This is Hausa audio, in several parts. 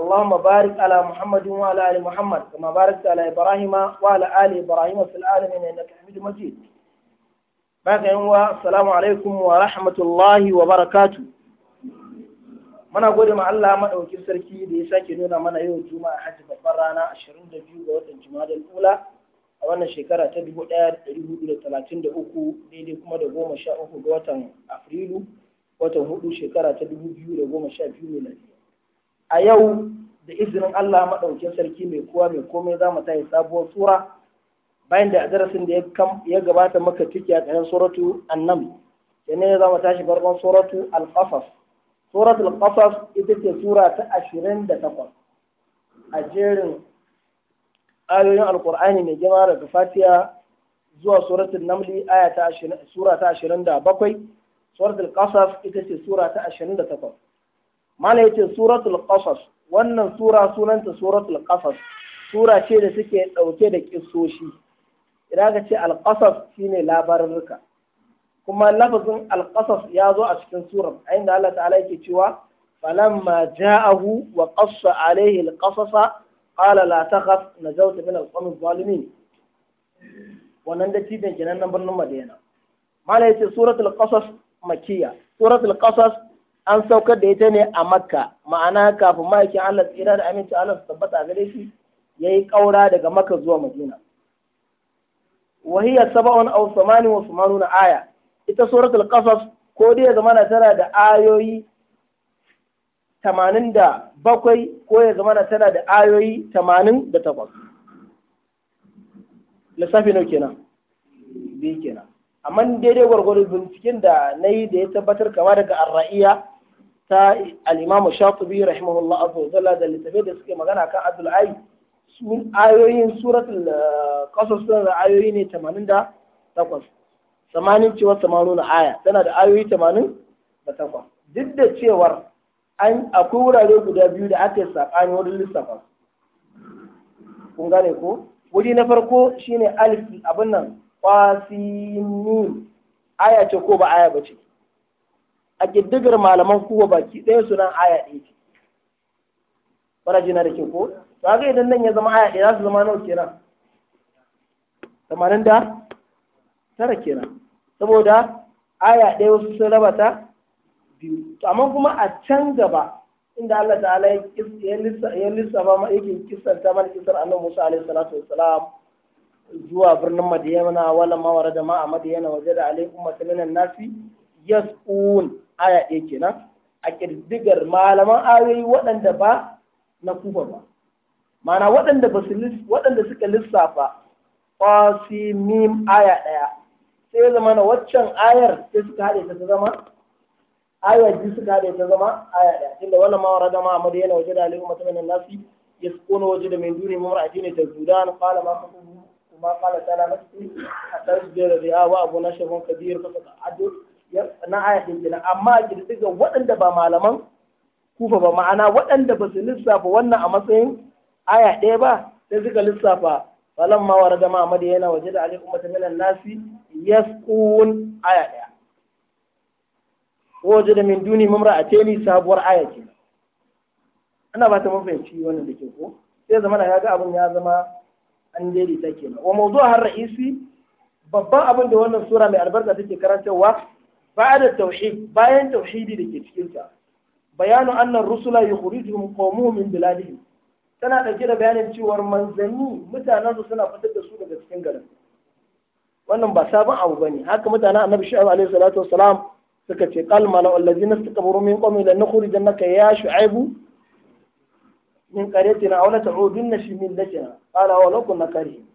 اللهم بارك على محمد وعلى آل محمد كما باركت على إبراهيم وعلى آل إبراهيم في العالمين إنك حميد مجيد باقي هو السلام عليكم ورحمة الله وبركاته muna gode ma Allah madaukin sarki da ya sake nuna mana yau juma'a hajji babbar rana 22 ga watan juma'a ula a wannan shekara ta 1433 daidai kuma da goma sha uku ga watan afrilu watan hudu shekara ta 2012 ne a yau da izinin Allah maɗaukin sarki mai kowa mai komai za mu tayi sabuwar sura bayan da a darasin da ya gabata maka ciki a ƙarshen suratu annam ne za mu tashi farkon suratu al-qasas suratu al-qasas ita ce sura ta ashirin da takwas. a jerin ayoyin alkur'ani mai girma daga Fatiya zuwa suratul namli aya ta sura ta bakwai suratul qasas ita ce sura ta ashirin da takwas. mala yace suratul qasas wannan sura sunanta suratul qasas sura ce da suke dauke da kissoshi idan ka ce al-qasas shine labarurruka kuma lafazin al-qasas ya zo a cikin surar a inda Allah ta'ala yake cewa falamma ja'ahu wa qassa alayhi al-qasasa qala la takhaf najawta min al-qawmi adh-dhalimin wannan da tijan kenan nan birnin Madina mala yace suratul qasas makkiya suratul qasas an saukar da ita ne a makka ma'ana kafin ma'aikin allah tsira da aminci allah su tabbata a gare shi ya yi ƙaura daga makka zuwa madina wahiya saba'un aw samani wa sumanuna aya ita suratul qasas ko dai ya na tana da ayoyi tamanin da bakwai ko ya na tana da ayoyi tamanin da takwas lissafi nau kenan biyu kenan amma daidai gwargwado binciken da na yi da ya tabbatar kama daga arra'iya ta al-Imam Shatibi rahimahullah azza wa da littafai da suke magana kan Abdul Ayi ayoyin suratul eh, qasas da ayoyi ne 88 samanin cewa na aya tana da ayoyi 88 duk da cewar an akwai wurare guda biyu da aka yi ne wurin lissafa kun gane ko wuri na farko shine alif abin nan qasim aya ce ko ba aya ba ce a ƙiddigar malaman kuwa baki ɗaya sunan aya ɗaya ce wani jina da ke ko Ba ga idan nan ya zama aya ɗaya za su zama nawa kenan tamanin da tara kenan saboda aya ɗaya wasu sun raba ta biyu to amma kuma a can gaba inda Allah ta'ala ya lissafa ma yake kisanta mana kisar annabi Musa alaihi salatu wassalam zuwa birnin Madiyana wala mawara da ma'a Madiyana waje da alaikum masalinan nasi yas'un aya ɗaya kenan a ƙirdigar malaman ayoyi waɗanda ba na kufa ba mana waɗanda ba su waɗanda suka lissafa ƙwasi mim aya ɗaya sai zama na waccan ayar sai suka haɗe ta zama aya biyu suka haɗe ta zama aya ɗaya inda wannan ma warada zama amadu yana waje da alaihi mutumin nasi ya kona waje da mai duni mamar ajini ta zudan qala ma kuma kwala ta qala ta'ala nafsi hatta yajra ri'a wa abu na shafin nashahun kasa ta ta'addu na aya ɗin kenan amma ga waɗanda ba malaman kufa ba ma'ana waɗanda ba su lissafa wannan a matsayin aya ɗaya ba sai suka lissafa falan ma wa ragama a yana waje da alaikum mata minan nasi yasqun aya ɗaya waje da min duni mamra a teni sabuwar aya ce ana ba ta fahimci wannan da ke ko sai zama na kaga abin ya zama an daidaita kenan wa mawdu'a har ra'isi babban abin da wannan sura mai albarka take karantarwa بعد التوحيد bayan توحيد da ke cikin sa bayanu annar rusula yukhrijuhum qawmuhum min biladihim tana ɗauke da bayanin cewar manzanni mutanen su suna fitar da su daga cikin garin wannan ba sabon abu bane haka mutanen annabi shu'aib alaihi salatu wassalam suka ce qal mala allazina istakbaru min qawmi lan nukhrijannaka ya shu'aib min qaryatina aw la ta'udunna fi millatina qala wa law kunna karihin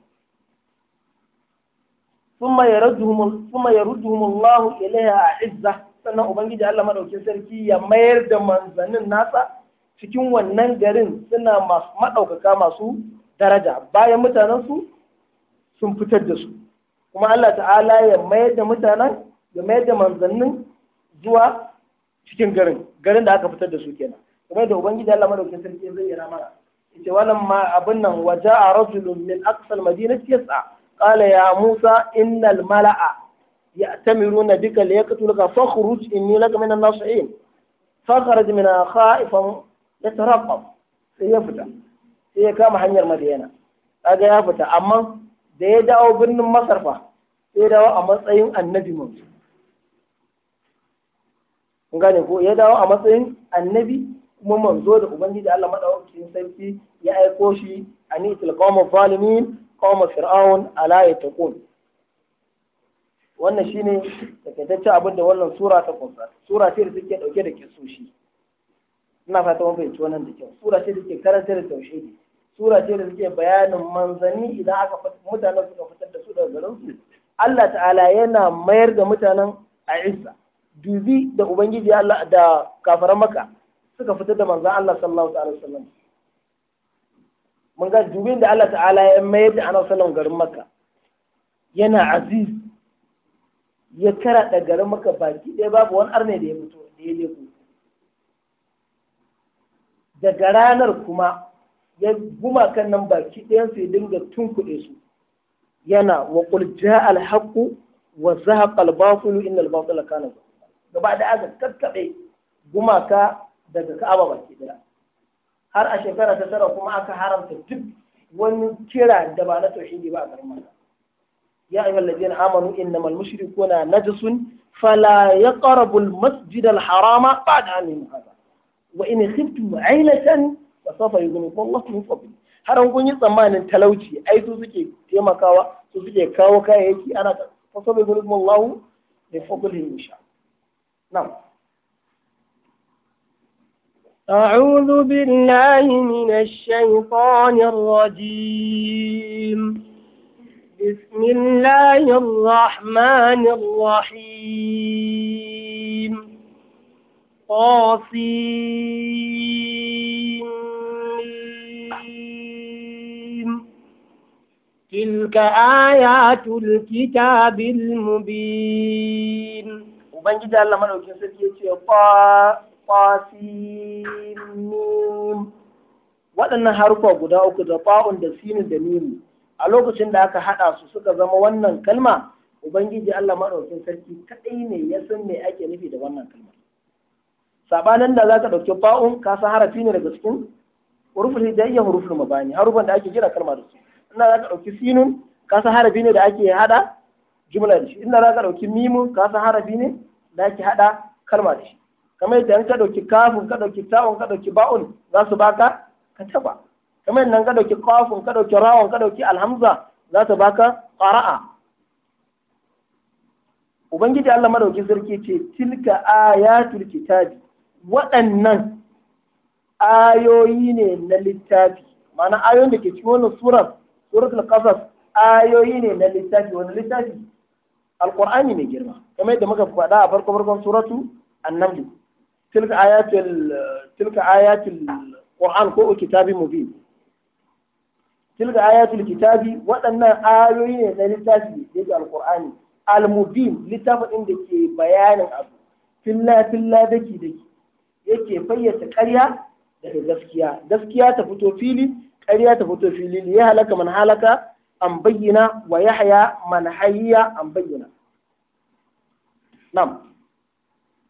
ثم يردهم ثم يردهم الله إليها عزة sannan ubangiji Allah madaukin sarki ya mayar da manzannin nasa cikin wannan garin suna masu madaukaka masu daraja bayan mutanen su sun fitar da su kuma Allah ta'ala ya mayar da mutanen ya mayar da manzannin zuwa cikin garin garin da aka fitar da su kenan kuma da ubangiji Allah madaukin sarki zai yi ramara Ita wannan ma abin nan waja'a rasulun min aqsal madinati yas'a قال يا موسى إن الملأ يأتمرون بك ليقتلك فاخرج إني لك من الناصحين فخرج من خائفا يترقب سيفتح sai كما حنير hanyar madina kaga ya fita amma da ya dawo birnin masar fa sai ya dawo a ko ya dawo a matsayin annabi kuma manzo da ubangiji Allah madaukakin sarki ya aiko shi ani til qawmi zalimin qawma fir'aun ala yattaqun wannan shine takaitaccen abin da wannan sura ta kunsa sura ce da take dauke da shi ina fata mun fahimci wannan da kyau sura ce da take karanta da tauhidi sura ce da take bayanin manzani idan aka mutanen suka fitar da su daga garin su Allah ta'ala yana mayar da mutanen a Isa dubi da ubangiji Allah da kafaran maka suka fitar da manzan Allah sallallahu alaihi wasallam mun ga dubin da Allah ta'ala ya mayar da annabi sallallahu garin makka yana aziz ya kara da garin makka baki ɗaya babu wani arne da ya fito da ya daga ranar kuma ya guma kan nan baki ɗayan su ya dinga tunkuɗe su yana wa qul al haqq wa zahaqa al-batil al batila kana gaba da aka kakkabe gumaka daga ka'aba baki ɗaya har a shekara ta tara kuma aka haramta duk wani kira da ba na tauhidi ba a garin maka ya ayyuhal ladina amanu innamal mushrikuna najasun fala yaqrabul masjidal harama ba'da amin hada wa in khiftum ailatan fa sawfa yughnikum Allahu min fadli har kun yi tsammanin talauci ai su suke taimakawa su suke kawo kayayyaki ana fa sawfa yughnikum Allahu bi fadlihi insha Allah أعوذ بالله من الشيطان الرجيم بسم الله الرحمن الرحيم قاسين تلك آيات الكتاب المبين وبنجد الله من أكسر يتيطى qasim waɗannan harfa guda uku da fa'un da sinin da mimu a lokacin da aka haɗa su suka zama wannan kalma ubangiji Allah maɗaukin sarki kaɗai ne ya san me ake nufi da wannan kalma sabanin da za ka ɗauki fa'un ka san harafi ne daga cikin huruful hidayya huruful mabani harufan da ake gina kalma da su za ka ɗauki sinun ka san harafi ne da ake haɗa jumla da shi inda za ka ɗauki mimun ka san harafi ne da ake haɗa kalma da shi kamar yadda in ka ɗauki kafin ka ɗauki tawon ka ɗauki ba'un za su baka ka taba kamar yadda ka ɗauki kafin ka ɗauki rawon ka ɗauki alhamza za su baka ƙara'a ubangiji Allah madauki sarki ce tilka ayatul kitabi waɗannan ayoyi ne na littafi ma'ana ayoyin da ke cikin wannan surar suratul qasas ayoyi ne na littafi wani littafi alqur'ani mai girma kamar yadda muka faɗa a farko farkon suratu annabi tilka ayatul tilka ko kitabin mubin tilka ayatul kitabi waɗannan ayoyi ne na littafi da yake al-mubin littafin da ke bayanin abu filla filla daki daki yake fayyace ƙarya daga gaskiya gaskiya ta fito fili ƙarya ta fito fili ya halaka man halaka an bayyana wa yahya man hayya an bayyana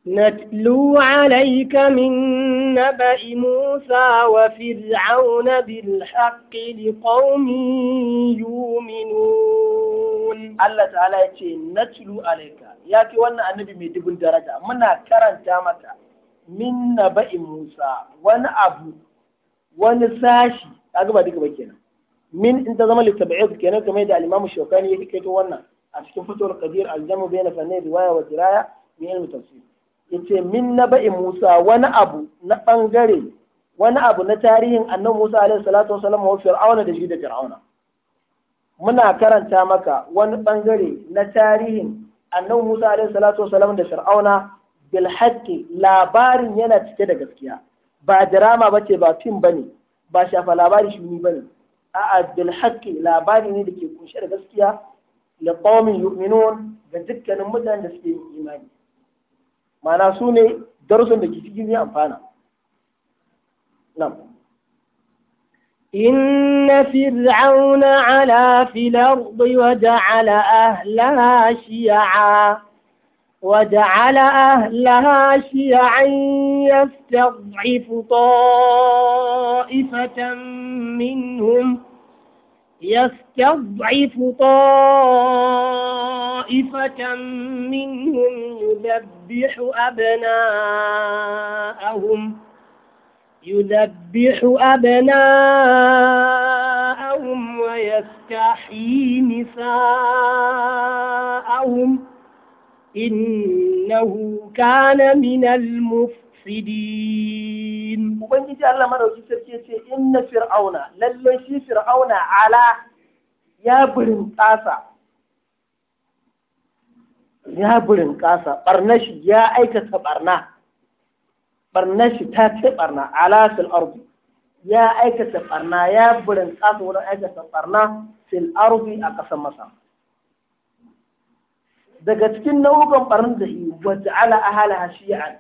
نتلو عليك من نبأ موسى وفرعون بالحق لقوم يؤمنون الله تعالى يتي نتلو عليك ياكي وانا النبي ميدبن درجة منا كرن تامتا من نبأ موسى وانا أبو وانا ساشي أقبع ديك بكينا من انت زمان لتبعيض كينا كما يدعى الإمام الشوكاني يكي كيتو وانا أشكي فتور قدير الجمع بين فني رواية ودراية من علم التفسير yace min naba'i Musa wani abu na bangare wani abu na tarihin annabi Musa alaihi salatu wasallam wa fir'auna da shi da fir'auna muna karanta maka wani bangare na tarihin annabi Musa alaihi salatu wasallam da fir'auna bil haqqi labarin yana cike da gaskiya ba drama bace ba fim bane ba shafa labari shuni bane a'a bil haqqi labari ne da ke kunshe da gaskiya li qaumin yu'minun ga dukkanin mutanen da suke imani ma'ana su ne darussan da ke cikin zai amfana nan إن فرعون علا في الأرض وجعل أهلها شيعا وجعل أهلها شيعا يستضعف طائفة منهم يستضعف طائفة منهم يذبح أبناءهم يذبح أبناءهم ويستحيي نساءهم إنه كان من المفسدين mufsidin ubangiji Allah madauki sarki ce inna fir'auna, lalle shi fir'auna ala ya burin kasa, ya burin kasa. ɓarnashi ya aikata ɓarna ɓarnashi ta ce ɓarna ala fil ardi ya aikata ɓarna ya burin kasa wurin aikata ɓarna fil ardi a kasan masa daga cikin nau'ukan ɓarnar da yi wata ala ahala shi'an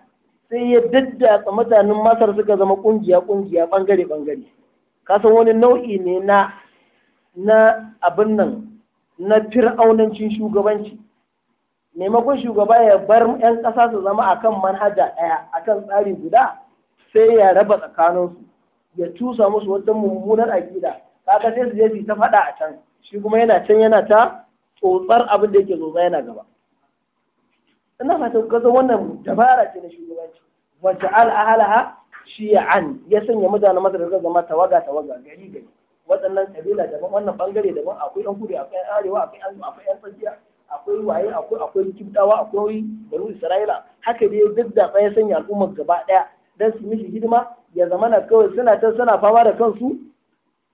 sai ya daddatsa mutanen masar suka zama kungiya kungiya bangare bangare kasan wani nau'i ne na na abin nan na fir'aunancin shugabanci maimakon shugaba ya bar 'yan ƙasa su zama a kan manhaja ɗaya kan tsari guda sai ya raba tsakanin su ya cusa musu wata mummunar aƙida kaga sai su je ta faɗa a can shi kuma yana can yana ta tsotsar abin da yake tsotsa yana gaba ina fatan kaza wannan dabara ce na shugabanci wace ja'al ahlaha shi ya sanya mutanen masa da zama tawaga tawaga gari gari waɗannan kabila daban wannan bangare daban akwai yan kudu akwai arewa akwai yan akwai yan tsakiya akwai waye akwai akwai kibdawa akwai banu isra'ila haka dai duk da ya sanya al'ummar gaba ɗaya dan su mishi hidima ya zamana na kawai suna ta suna fama da kansu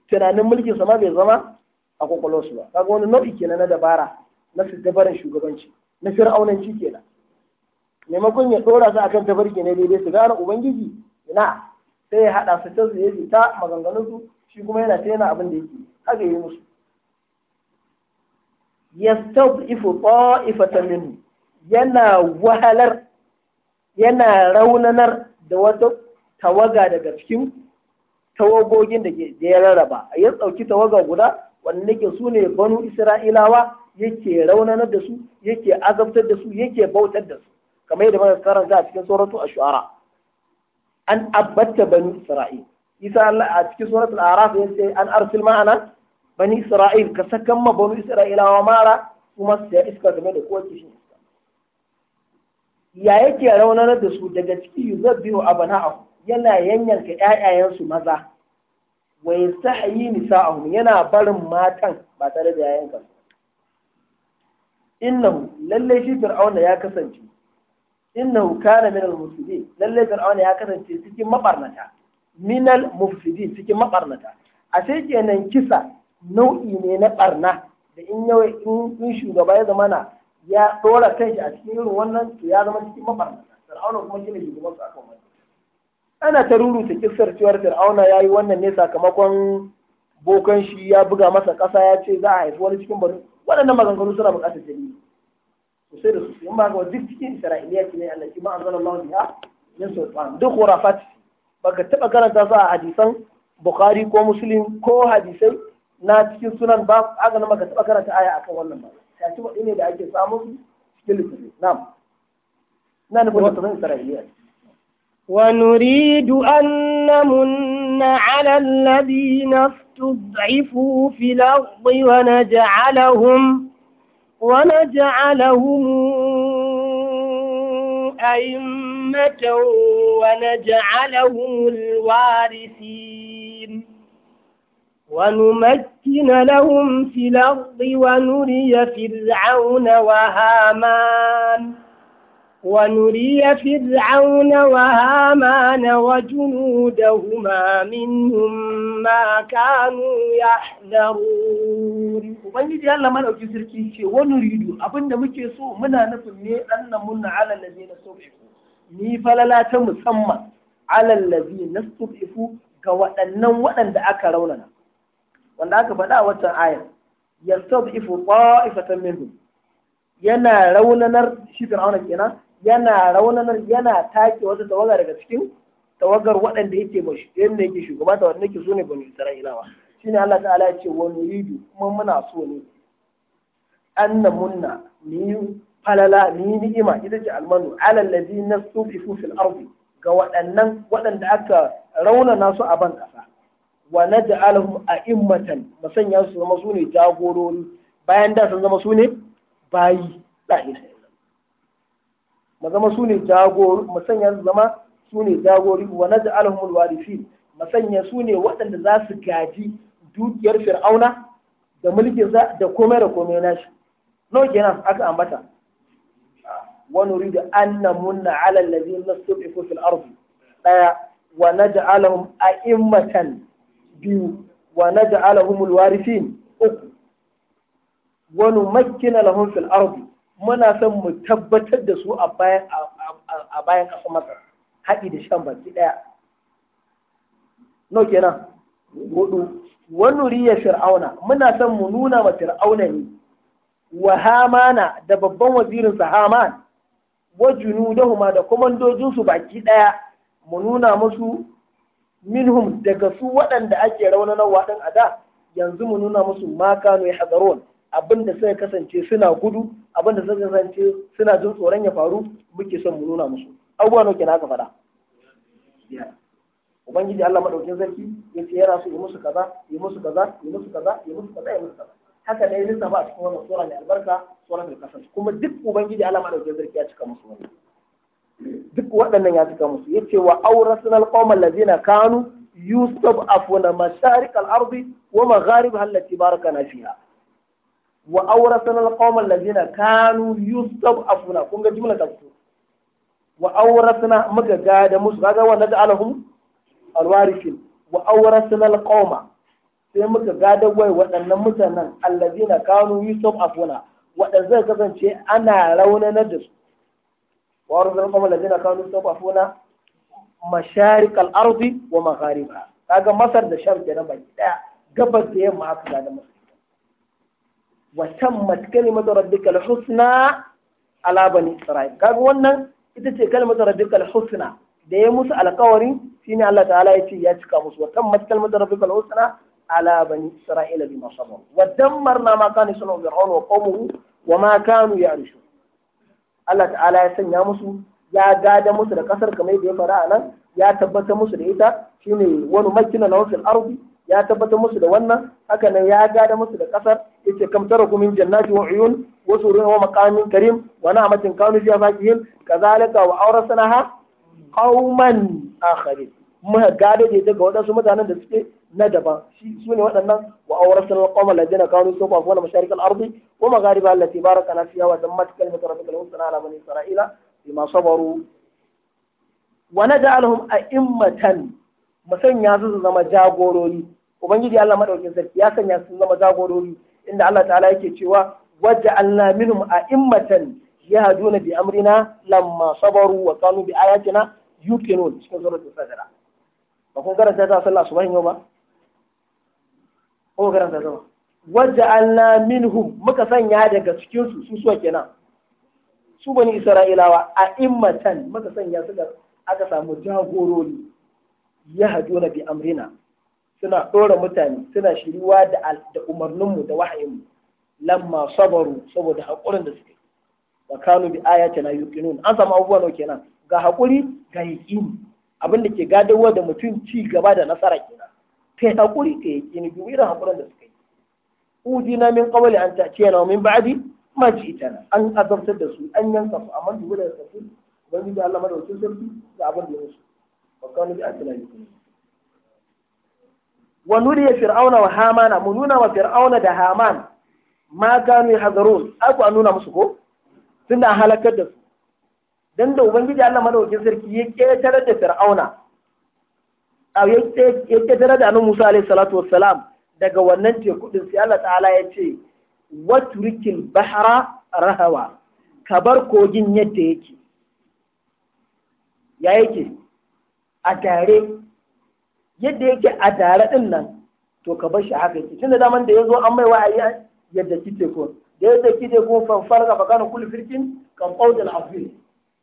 tunanin mulkin sama bai zama a kwakwalwarsu ba kaga wani nau'i kenan na dabara na dabaran shugabanci na fir'aunanci kenan maimakon ya dora su akan tafarki na daidai su gara ubangiji ina sai ya haɗa su ta su ta maganganun su shi kuma yana ta yana abin da yake haka yi musu yastadifu ta'ifatan minhu yana wahalar yana raunanar da wata tawaga daga cikin tawagogin da ya rarraba ya ɗauki tawaga guda wanda ke su ne banu isra'ilawa yake raunanar da su yake azabtar da su yake bautar da su kamar yadda muka karanta a cikin suratu ash an abbata bani isra'il isa a cikin suratul araf ya ce an arsil ma'ana bani isra'il ka sakan ma bani isra'ilawa mara kuma su iska game da kowace shi ya yake raunar da su daga ciki yuzabbihu abana'ahu yana yanyanka ƴaƴayensu maza wa yastahyi nisa'ahum yana barin matan ba tare da yayanka innahu lalle shi fir'auna ya kasance innahu kana min al-mufsidin lalle fir'auna ya kasance cikin mabarnata min al-mufsidin cikin mabarnata sai kenan kisa nau'i ne na barna da in yawa in shugaba ya zama na ya dora kanshi a cikin irin wannan to ya zama cikin mabarnata fir'auna kuma shine shugaban su akan wannan ana ta ruruta kissar cewar fir'auna ya yi wannan ne sakamakon bokan shi ya buga masa ƙasa ya ce za a haifi wani cikin bari waɗannan maganganu suna buƙatar dalili sai su in a hadisan bukhari ko muslim ko hadisai na cikin sunan ba nan baka taba karanta aya akan wannan ba ta ci ne da ake samu cikin na'am na nufin wata ونريد أن نمن على الذين استضعفوا في الأرض ونجعلهم ونجعلهم أئمة ونجعلهم الوارثين ونمكن لهم في الأرض ونري فرعون وهامان ونري فرعون وهامان وجنودهما منهم ما كانوا يحذرون ubangiji Allah madauki sarki ce wani ridu abinda muke so muna nufin ne annan munna ala ladina subifu ni falala ta musamman ala ladina subifu ga waɗannan waɗanda aka raunana wanda aka faɗa watan ayar yastabifu qa'ifatan minhum yana raunanar shi fir'auna kenan yana raunanar yana take wata tawaga daga cikin tawagar waɗanda yake yadda yake shugaba da wanda yake so ne bani isra'ilawa ne Allah ta'ala ce wa nuridu kuma muna so ne anna munna ni falala ni ni'ima ita ce almanu alal ladina sufifu fil ardi ga waɗannan waɗanda aka raunana su a ban ƙasa wa naj'aluhum a'immatan masanya su zama su ne jagorori bayan da sun zama su ne bayi la mu zama su ne jagori mu sanya zama su ne jagori wa naj'aluhumul warithin mu sanya su ne waɗanda za su gaji dukiyar fir'auna da mulkin sa da komai da komai nashi no kenan aka ambata wa nuridu an namunna ala allazina nastud'ifu fil ardi daya wa naj'aluhum a'immatan biyu wa naj'aluhumul warithin uku wa numakkina lahum fil ardi muna son mu tabbatar da su a bayan a bayan ƙasar masar haɗi da shan baki ɗaya no kenan hudu wani ya fir'auna muna son mu nuna wa fir'auna ne wa hamana da babban wazirin sa haman wa junudahuma da su baki ɗaya mu nuna musu minhum daga su waɗanda ake raunanarwa ɗin a da yanzu mu nuna musu ma ya yahzarun abin da suka kasance suna gudu abin da suka kasance suna jin tsoron ya faru muke son mu nuna musu abubuwa nauke na aka faɗa ubangiji Allah madaukin ya yace yana so yi musu kaza yi musu kaza yi musu kaza yi musu kaza yi musu kaza haka ne lissa ba a cikin wannan tsoron mai albarka tsoron mai kasance kuma duk ubangiji Allah maɗaukin sarki ya cika musu wannan duk waɗannan ya cika musu yace wa awrasnal qawmal lazina kanu yustab'afuna masharik al arzi wa magharibha allati na fiya. wa awrasana alqawma lazina kanu yustab'afuna kun ga jumla ta fito wa awrasana muka gada musu kaga wannan da alahum alwarisin wa awrasana alqawma sai muka gada wai waɗannan mutanen allazina kanu yustab'afuna waɗanda zai kasance ana raunanar da su wa awrasana alqawma lazina kanu yustab'afuna masharik al-ardi wa magharibha kaga masar da da kenan baki daya gabas da yamma aka da musu wa tammat kalimatu rabbikal husna ala bani isra'il kaga wannan ita ce kalmatu rabbikal husna da ya musu alƙawarin shine Allah ta'ala ya ce ya cika musu wa tammat kalimatu rabbikal husna ala bani isra'il bima sabar wa dammarna ma kana sunu wa qawmuhu wa ma kanu Allah ta'ala ya sanya musu ya gada musu da kasar kamar da ya faru a nan ya tabbata musu da ita shine wani makina na wasu ardi ya tabbatar musu da wannan haka nan ya gada musu da kasar yace kam taraku min jannati wa uyun wa surun wa maqamin karim wa na'matin kanu fiha fakihin kazalika wa awrasnaha qauman akharin Mu gada da daga wadansu mutanen da suke na daban shi su ne waɗannan wa awrasna alqawma alladhina kanu sawfa wa masharik al-ardi wa maghariba allati barakana fiha wa dammat kalimatu rabbika al-husna ala bani isra'ila bima sabaru wa naj'aluhum a'immatan mu sanya su su zama jagorori ubangiji Allah madaukin sarki ya sanya sun zama jagorori inda Allah ta'ala yake cewa immatan minhum a'immatan yahduna bi amrina lamma sabaru wa kanu bi ayatina yuqinun cikin suratul sajda ba kun karanta ta sallah subhan yau ba ko karanta ta waja'alna minhum muka sanya daga cikin su su suwa kenan su bani isra'ilawa a immatan muka sanya su aka samu jagorori yahduna bi amrina suna ɗora mutane suna shiriwa da umarninmu da wahayinmu lamma sabaru saboda haƙurin da suke wa kanu bi na yuqinun an samu abubuwa ne kenan ga haƙuri ga yaqini abin da ke gadawa da mutum ci gaba da nasara kenan kai haƙuri kai yaqini duk irin haƙurin da suke udina min qawli an ta'tiyana min ba'di ma ji'tana an azabtar da su an yanka su amma duk da su ubangiji Allah madaukakin sarki ga abin da ya musu wa kanu bi na yuqinun wa ya fir'auna wa hamana mu nuna wa fir'auna da haman ma gano ya hazarun aku an nuna musu ko tun da halakar da su dan da ubangiji Allah madaukin sarki ya ketare da fir'auna a ya ketare da annabi Musa alayhi salatu wassalam daga wannan teku din sai Allah ta'ala ya ce waturikil bahra rahawa ka bar kogin yadda yake ya yake a tare yadda yake a tare ɗin nan to ka bar shi haka yake tunda daman da ya zo an mai wa'ayi yadda kike ko da yadda kike ko fan farga fa kana kullu firkin kan qawdal afi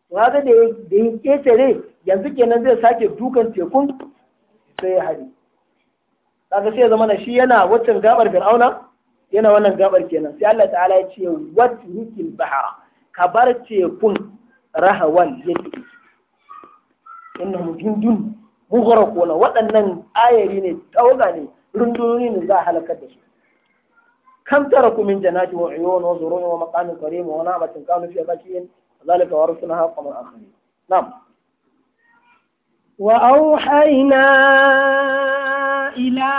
to haka da da yake tare yanzu kenan zai sake dukan tekun sai ya hari kaga sai zaman na shi yana waccan gabar fir'auna yana wannan gabar kenan sai Allah ta'ala ya ce watrikil bahara ka bar tekun rahawan yake innahum jundun mugharquna waɗannan ayari ne ɗauga ne rundunoni ne za a halakar da su kam taraku min janati wa uyun wa zurun wa maqamin karim wa na'matin kanu fiha zakiyin zalika warithnaha qawman akharin na'am wa auhayna ila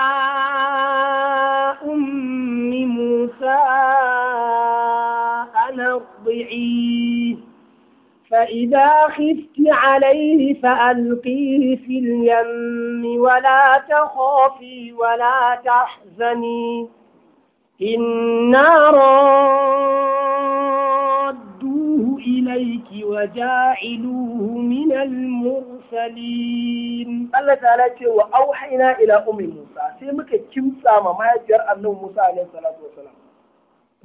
فإذا خفت عليه فألقيه في اليم ولا تخافي ولا تحزني إنا رادوه إليك وجاعلوه من المرسلين الله تعالى وأوحينا إلى أم موسى سيمك كم سامة ما يجرى أنه موسى عليه الصلاة والسلام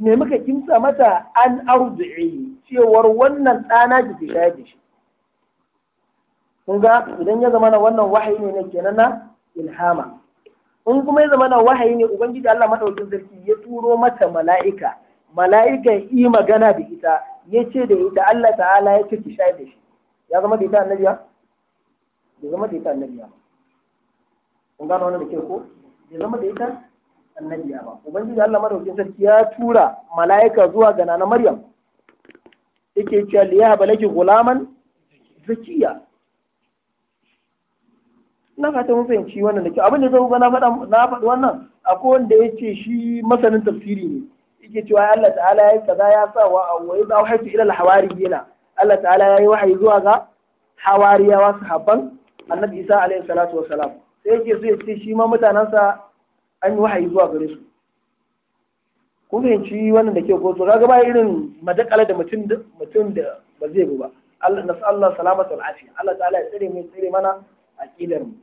me muka kimsa mata an arzi'i cewar wannan ɗana ki ya da shi kun ga idan ya zama na wannan wahayi ne na kenan na ilhama in kuma ya zama na wahayi ne ubangiji Allah madaukakin sarki ya turo mata mala'ika mala'ika yi magana da ita ya ce da ita Allah ta'ala ya ce ki shayar da shi ya zama da ita annabiya ya zama da ita annabiya kun gano wannan da ke ko ya zama da ita annabiya ba ubangiji Allah madaukakin sarki ya tura mala'ika zuwa ga nana Maryam yake cewa liya balaki gulaman zakiya na fata mun fahimci wannan da kyau abin da zai na faɗa na faɗi wannan akwai wanda ya ce shi masanin tafsiri ne yake cewa Allah ta'ala ya yi kaza ya sa wa awwai ba wahyi ila al-hawariyina Allah ta'ala ya yi wahayi zuwa ga hawariyawa sahabban annabi Isa alaihi salatu wassalam sai yake so ya ce shi ma mutanansa an yi wahayi zuwa gare su ko fahimci wannan da ke ko to kaga ba irin madakala da mutum mutum da ba zai bu ba Allah nasu Allah salamatu wa afiya Allah ta'ala ya tsare mu tsare mana aqidar mu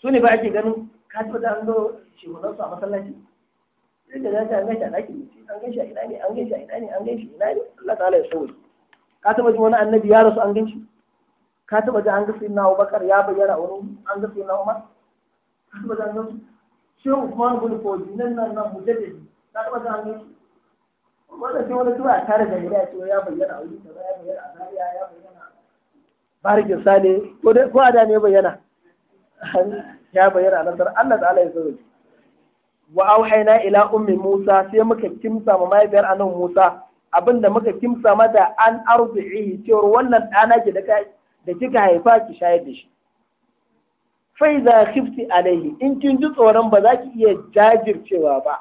su ne ba ake ganin ka ta da an zo shehunan su a masallaci sai da zai an ta a ɗakin mutum an gashi a ina ne an gashi a ina ne an shi ina ne Allah ta'ala ya sauke ka taba ji wani annabi ya rasu an shi ka taba ji an ga sayyidina Abubakar ya bayyana wani an ga sayyidina Umar ka taba ji an gansu shehu usman bin fodi nan nan nan shi na taba ga hannun shi wannan sai wani tura tare da gida ce ya bayyana a wurin kaza ya bayyana a zariya ya bayyana barikin sale ko dai ko ada ne bayyana ya bayyana a dar Allah ta'ala ya zo wa auhayna ila ummi Musa sai muka kimsa ma mahaifiyar annabi Musa abinda muka kimsa mata an arzihi cewar wannan ɗana ki da kika haifa ki shayar da shi fai za khifti alaihi in kin ji tsoron ba za ki iya jajircewa ba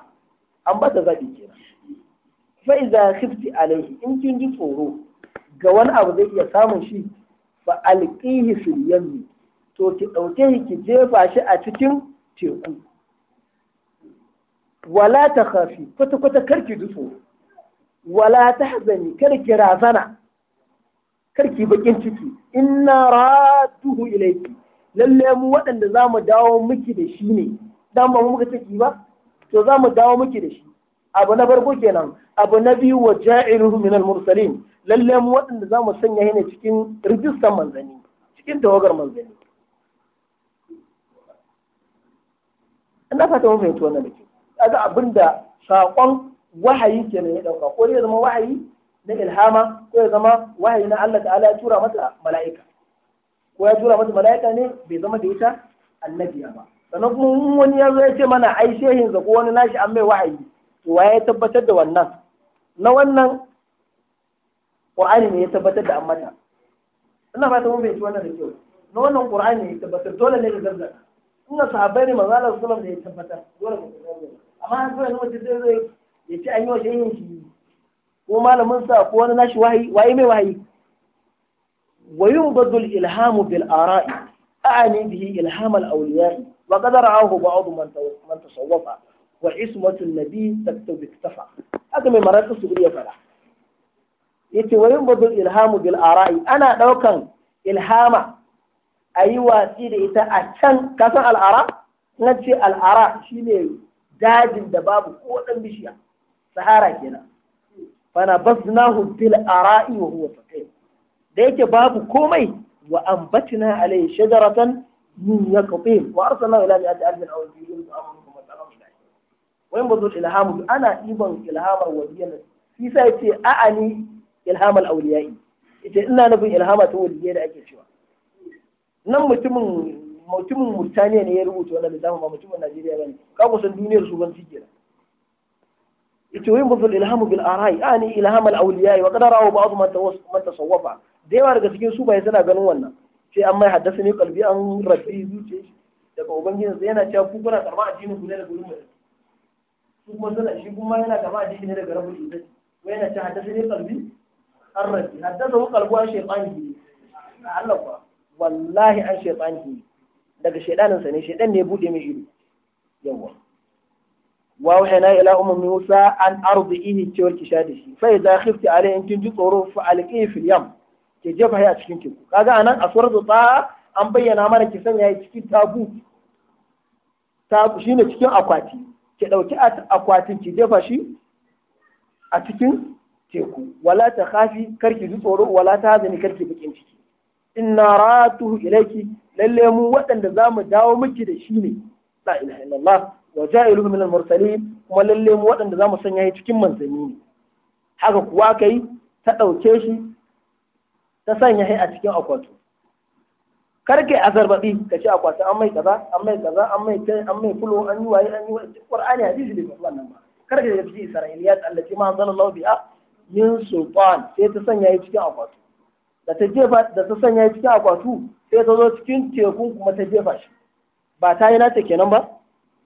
an ba ta zaɓi kenan fai za khifti alaihi in kin ji tsoro ga wani abu zai iya samun shi fa alqihi fil yammi to ki ɗauke ki jefa shi a cikin teku wala ta khafi kwata kwata kar ki ji wala ta hazani kar ki razana kar ki bakin ciki inna raduhu ilayki lalle mu waɗanda za mu dawo miki da shi ne dan ba mu muka ciki ba to za mu dawo miki da shi abu na farko kenan abu na biyu wa ja'iruhu minal mursalin lalle mu waɗanda za mu sanya ne cikin rijistar manzanni cikin tawagar manzanni ina fata mun fahimci wannan dake kaga abinda saƙon wahayi kenan ya ɗauka ko ya zama wahayi na ilhama ko ya zama wahayi na Allah ta'ala ya tura masa mala'ika ko ya tura mata mala'ika ne bai zama da ita annabiya ba sannan kuma wani ya zo ya ce mana ai shehin ko wani nashi an mai wahayi to waye ya tabbatar da wannan na wannan qur'ani ne ya tabbatar da ammata mata ba ta mun bai wannan da kyau na wannan qur'ani ne ya tabbatar dole ne da zazzaka ina sahabbai ne manzo Allah sallallahu alaihi wasallam ne ya tabbatar dole ne amma an zo ne mutum zai zo ya ce an yi wa shehin shi ko malamin sa ko wani nashi wahayi waye mai wahayi ويوبد الإلهام بالآراء أعني به إلهام الأولياء وقد رآه بعض من من تصوف وعصمة النبي تكتب اكتفى هذا من مرات سوريا فلا يتي ويوبد الإلهام بالآراء أنا لو كان إلهام أيوة سيدي إتا أشان كسر الآراء نتشي الآراء شيني dajin da babu ko ɗan bishiya sahara kenan fana basnahu bil ara'i wa huwa saqim da yake babu komai wa ambatna alayhi shajaratan min yaqtin wa arsalna ila mi'ati alfin aw yuzilun amrukum wa sallam ila wa in bazul ilhamu ana iban ilhamar waliyan shi sai ce a'ani ilhamal awliyai ita ina nufin ilhama ta waliyai da ake cewa nan mutumin mutumin Murtaniya ne ya rubuta wannan littafin ba mutumin Najeriya bane ka kusan duniyar su ban cike da ita wayin bazul ilhamu bil arai ani ilhamal awliyai wa qadara wa ba'd man tasawwafa da yawa daga cikin su bai suna ganin wannan sai an mai haddasa ne kalbi an rafi zuciya shi daga ubangiji sai yana cewa ku kuna karba addinin ku ne daga gurin mutum su kuma suna shi kuma yana karba addini ne daga rabul zai. wa yana cewa haddasa ne kalbi an rafi haddasa mu kalbu an shaytani ne A Allah kuwa wallahi an shaytani ne daga shaydanin sa ne shaydan ne ya bude mai ido yawa وأوحينا إلى أم موسى أن أرضئه تشورك شادشي فإذا خفت عليه إن كنت ظروف فألقيه في اليم ya jefa ya cikin teku kaga anan a da ta an bayyana mana ki sanya ya cikin tabu shi shine cikin akwati ki dauki akwatin ki jefa shi a cikin teku wala ta khafi karki ji tsoro wala ta hazani karki bakin ciki inna ratuhu ilayki lalle mu waɗanda za mu dawo miki da shi ne la ilaha illallah wa ja'iluhu min al-mursalin kuma lalle mu waɗanda zamu sanya yi cikin manzanni ne haka kuwa kai ta ɗauke shi ta sanya shi a cikin akwatu kar kai azarbabi ka ci akwatu. an mai kaza an mai kaza an mai kai an mai fulo an yi waye an yi waye qur'ani hadisi ne ba wannan ba kar ya fi isra'iliyat allati ma anzalallahu biha min sultan sai ta sanya shi cikin akwatu da ta jefa da ta sanya shi cikin akwatu sai ta zo cikin tekun kuma ta jefa shi ba ta yi nata kenan ba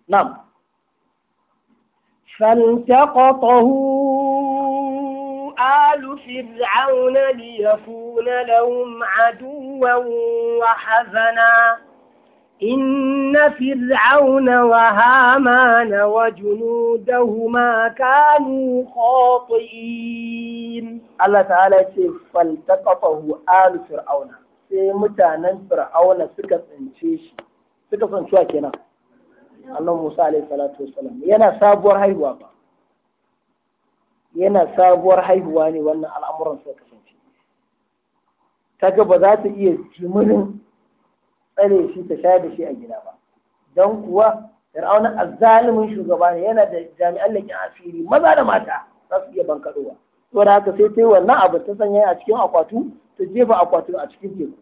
na'am taqatuhu آل فرعون ليكون لهم عدوا وحزنا إن فرعون وهامان وجنودهما كانوا خاطئين الله تعالى يقول فالتقطه آل فرعون sai mutanen fir'auna suka tsince shi kenan Allah Musa alaihi yana sabuwar haihuwa ba yana sabuwar haihuwa ne wannan al'amuran suka kasance kaga ba za ta iya jimirin tsare shi ta sha da shi a gida ba don kuwa fir'auna azalimin shugaba ne yana da jami'an lakin asiri maza da mata za su iya bankaɗowa da haka sai ta yi wannan abu ta sanya a cikin akwatu ta jefa akwatu a cikin teku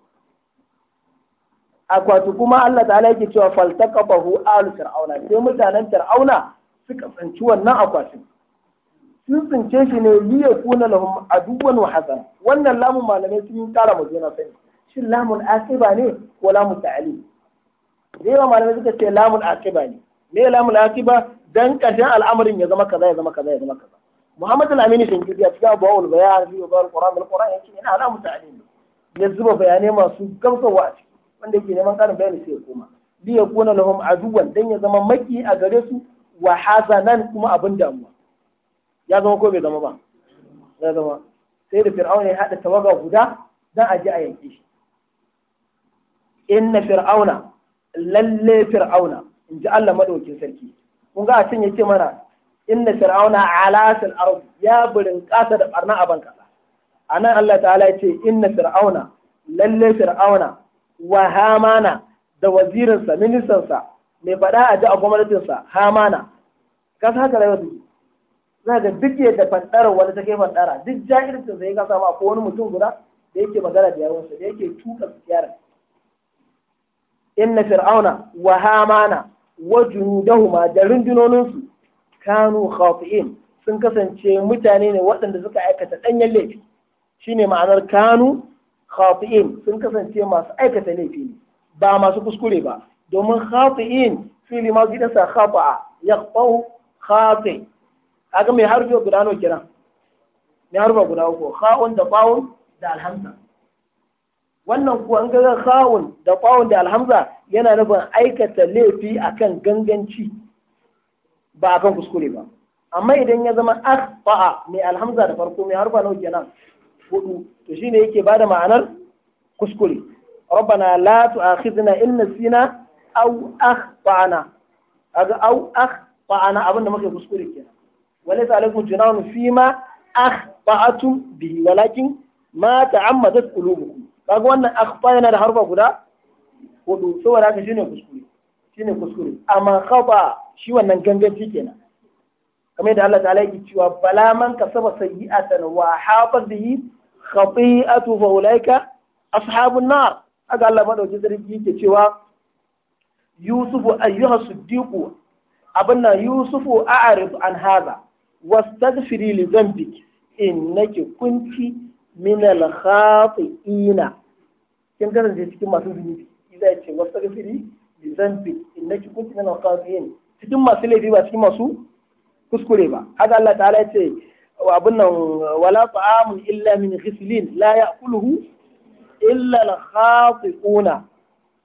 akwatu kuma Allah Ta yake cewa faltaqafahu alu fir'auna sai mutanen fir'auna suka tsanci wannan akwatin sun tsince shi ne liya kuna lahum aduwan wa hazan wannan lamun malamai sun yi kara mu juna sani shin lamun akiba ne ko lamun ta'ali da yawa malamai suka ce lamun akiba ne me lamun akiba dan kashin al'amarin ya zama kaza ya zama kaza ya zama kaza Muhammad al-Amini Shinkiti a cikin Abuwa'ul Bayan fi al Qur'an bil Qur'an yake ina lamun ta'ali ne ya zuba bayanai masu gamsarwa a ciki wanda yake neman karin bayani sai ya koma liya kuna lahum aduwan dan ya zama maki a gare su wa hazanan kuma abin damuwa ya zama ko bai zama ba ya zama sai da fir'auna ya haɗa tawaga guda dan a ji a yanke shi inna fir'auna lalle fir'auna in ji Allah madaukin sarki kun ga a can yace mana inna fir'auna ala sal ard ya burin kasa da barna a banka anan Allah ta'ala ya ce, inna fir'auna lalle fir'auna wa hamana da wazirinsa ministansa mai faɗa a ji a gwamnatinsa hamana kasa haka rayuwa za ga duk yadda fandara wani take fandara duk jahilcin sai ka samu ko wani mutum guda da yake magana da yawansa da yake tuka tsiyarin inna fir'auna wa hamana wa junudahuma da rundunoninsu kanu khafi'in sun kasance mutane ne waɗanda suka aikata ɗanyen laifi shine ma'anar kanu khafi'in sun kasance masu aikata laifi ne ba masu kuskure ba domin khafi'in fili ma gidansa khata'a yaqtahu khafi'in Aga mai harfi guda nawa kiran mai harfa guda uku kha'un da fa'un da alhamza wannan kuwa an ga kha'un da fa'un da alhamza yana nufin aikata laifi akan ganganci ba akan kuskure ba amma idan ya zama akfa'a mai alhamza da farko mai harfa nawa kiran hudu to shine yake bada ma'anar kuskure ربنا لا تؤاخذنا إن نسينا أو أخطأنا أو أخطأنا أبونا ما muke kuskure kenan. وليس عليكم جناح فيما أخطأتم به ولكن ما تعمدت قلوبكم kaga wannan akhfa yana da harfa guda hudu saboda haka shine kuskure kuskure amma shi wannan ganganci kenan kamar da Allah ta'ala yake cewa bala man kasaba sayyi'atan wa hafa bihi khati'atu fa ulaika ashabun nar aga Allah madauki sarki yake cewa yusufu ayyuha siddiqu abinna yusufu a'rif an hadha wastaghfiri li in nake kunci min al khati'ina kin karanta cikin masu zunubi zai ce wastaghfiri li dhanbiki innaki kunti min al khati'ina cikin masu laifi ba cikin masu kuskure ba haka Allah ta'ala ya ce abin nan wala ta'amun illa min ghislin la ya'kuluhu illa al-khati'una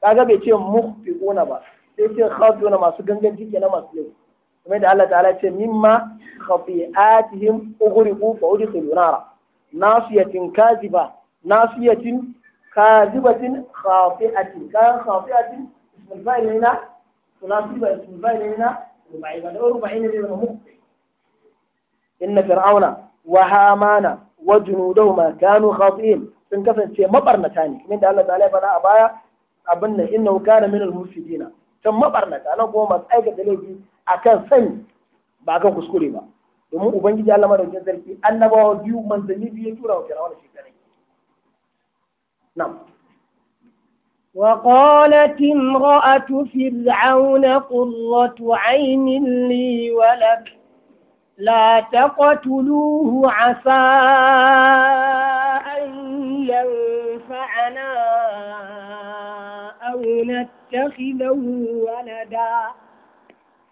kaga bai ce mukhti'una ba sai ce khati'una masu ganganci kenan masu laifi ومد الله تعالى مما خطيئاتهم أغرقوا فأدخلوا نارا ناصية كاذبة ناصية كاذبة خاطئة كان خاطئة اسم الفاعل هنا تناسب اسم الفاعل هنا ربعين ربعين لنا مخطئ إن فرعون وهامان وجنودهما كانوا خاطئين تنكفن شيء مبرنا ثاني من الله تعالى فلا أبايا أبنى إنه كان من المفسدين can mabarnata nan kuma masu aikata laifi akan sani ba kan kuskure ba domin ubangiji Allah madaukakin sarki annabawa biyu manzanni biyu ya tura wa firawuna shekarai na'am وقالت امرأة فرعون قرة عين لي ولك لا تقتلوه عسى أن ينفعنا أو نتقى نتخذه ولدا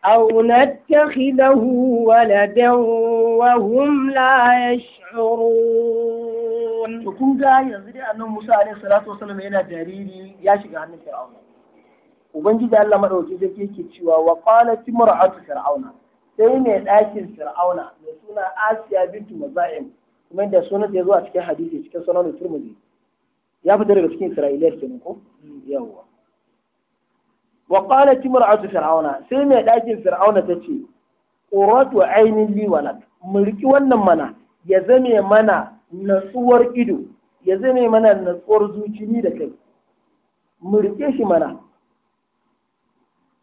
أو نتخذه ولدا وهم لا يشعرون kun ga yanzu dai موسى Musa الصلاة والسلام wasallam yana jariri ya shiga hannun Fir'auna Ubangiji Allah madauki sai yake cewa wa qalat fir'auna sai ne ɗakin fir'auna mai suna Asiya kuma da sunan ya zo a cikin hadisi cikin sunan Tirmidhi ya fita daga cikin Isra'iliyar kenan ko hmm. yawwa wa qalat imra'atu fir'auna sai mai ɗakin fir'auna ta ce qurratu ainin li walak mulki wannan mana ya zame mana natsuwar ido ya zame mana natsuwar zuciya da kai mulke shi mana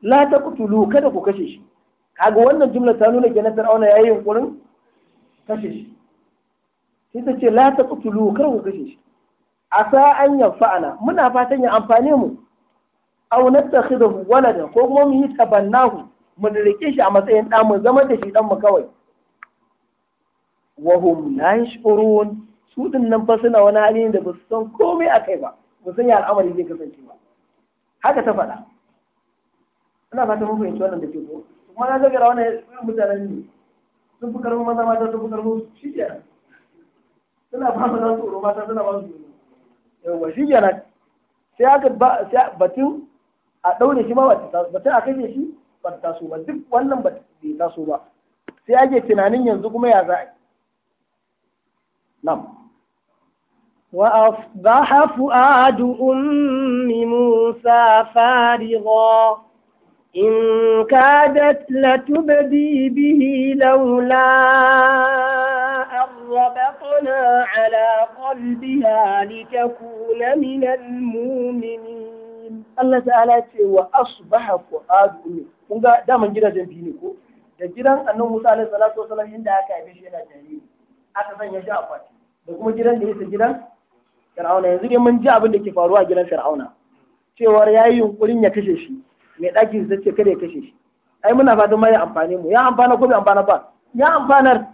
la taqtulu kada ku kashe shi kaga wannan jumla ta nuna kenan fir'auna yayi yunkurin kashe shi sai ta ce la taqtulu kada ku kashe shi A asa an yanfa'ana muna fatan ya amfani mu aw nattakhidhu walada ko kuma mu yi tabannahu mu rike shi a matsayin ɗan mu zama da shi ɗan mu kawai wa hum la yashurun su din nan fa suna wani hali da ba su san komai akai ba ba san ya al'amari zai kasance ba haka ta faɗa ina ta mun fahimci wannan da ke ko kuma na ga wannan mutanen ne sun fi karfin maza mata sun fi karfin shi kenan suna ba mu tsoro mata suna ba su tsoro yawa shi na sai aka batun a ɗaure shi ma ba ta kashe shi ba ta taso ba duk wannan ba bai taso ba sai ake tunanin yanzu kuma ya za a yi nam وأصبح فؤاد أم موسى فارغا إن كادت لتبدي به لولا أن ربطنا على قلبها لتكون من المؤمنين Allah ta'ala ce wa asbaha qadu ummi kun ga daman gidajen biyu ne ko da gidan annabi Musa alaihi salatu wasallam inda aka haife shi yana jariri aka sanya shi a kwati da kuma gidan da yake gidan Fir'auna yanzu dai mun ji abin da ke faruwa a gidan Fir'auna cewar yayi yunkurin ya kashe shi mai ɗakin zai ce kada ya kashe shi ai muna fatan ma ya amfane mu ya amfana ko bai amfana ba ya amfanar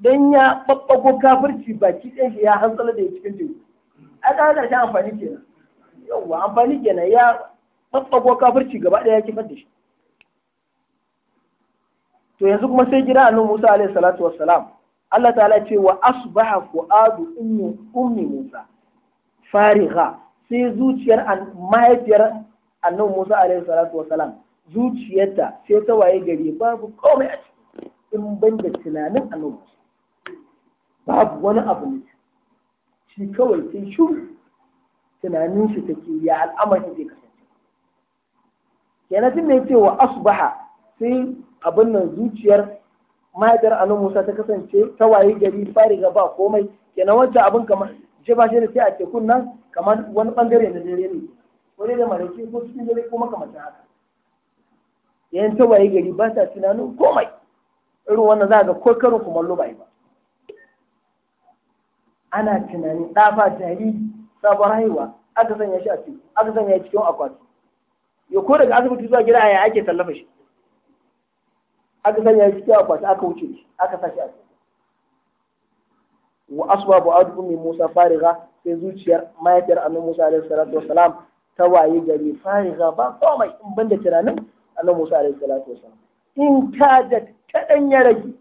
dan ya babbago kafirci baki ɗaya ya hantsala da cikin teku ai ka ga shi amfani kenan yauwa amfani kenan ya tsatsago kafirci gaba ɗaya ya kifar da shi to yanzu kuma sai gida annabi Musa alaihi salatu wassalam Allah ta'ala ce wa asbaha fuadu ummi ummi Musa fariha sai zuciyar mahaifiyar annabi Musa alaihi salatu wassalam zuciyarta sai ta waye gari babu komai a ciki in ban da tunanin annabi Musa babu wani abu ne shi kawai sai shuru tunanin shi take ya al'amarin zai kasance kenan tun da ya ce wa asbaha sai abin nan zuciyar mahaifiyar anu Musa ta kasance ta waye gari ga ba komai kenan wancan abin kamar je ba shi da sai a tekun nan kamar wani bangare na dare ne wani da maraice ko cikin dare ko makamacin haka yayin ta waye gari ba sa tunanin komai irin wannan za ga ko karin kumallo lubai ba ana tunanin ɗafa jariri sabon haihuwa aka sanya shi a ciki aka sanya shi cikin akwati ya ko daga asibiti zuwa gida yaya ake tallafa shi aka sanya shi cikin akwati aka wuce shi aka sa shi a ciki wa asba bu'adu min Musa fariga sai zuciyar mayatar annabi Musa alaihi salatu wassalam ta waye gari fariga ba komai in banda tunanin annabi Musa alaihi salatu wassalam in ta da kadan rage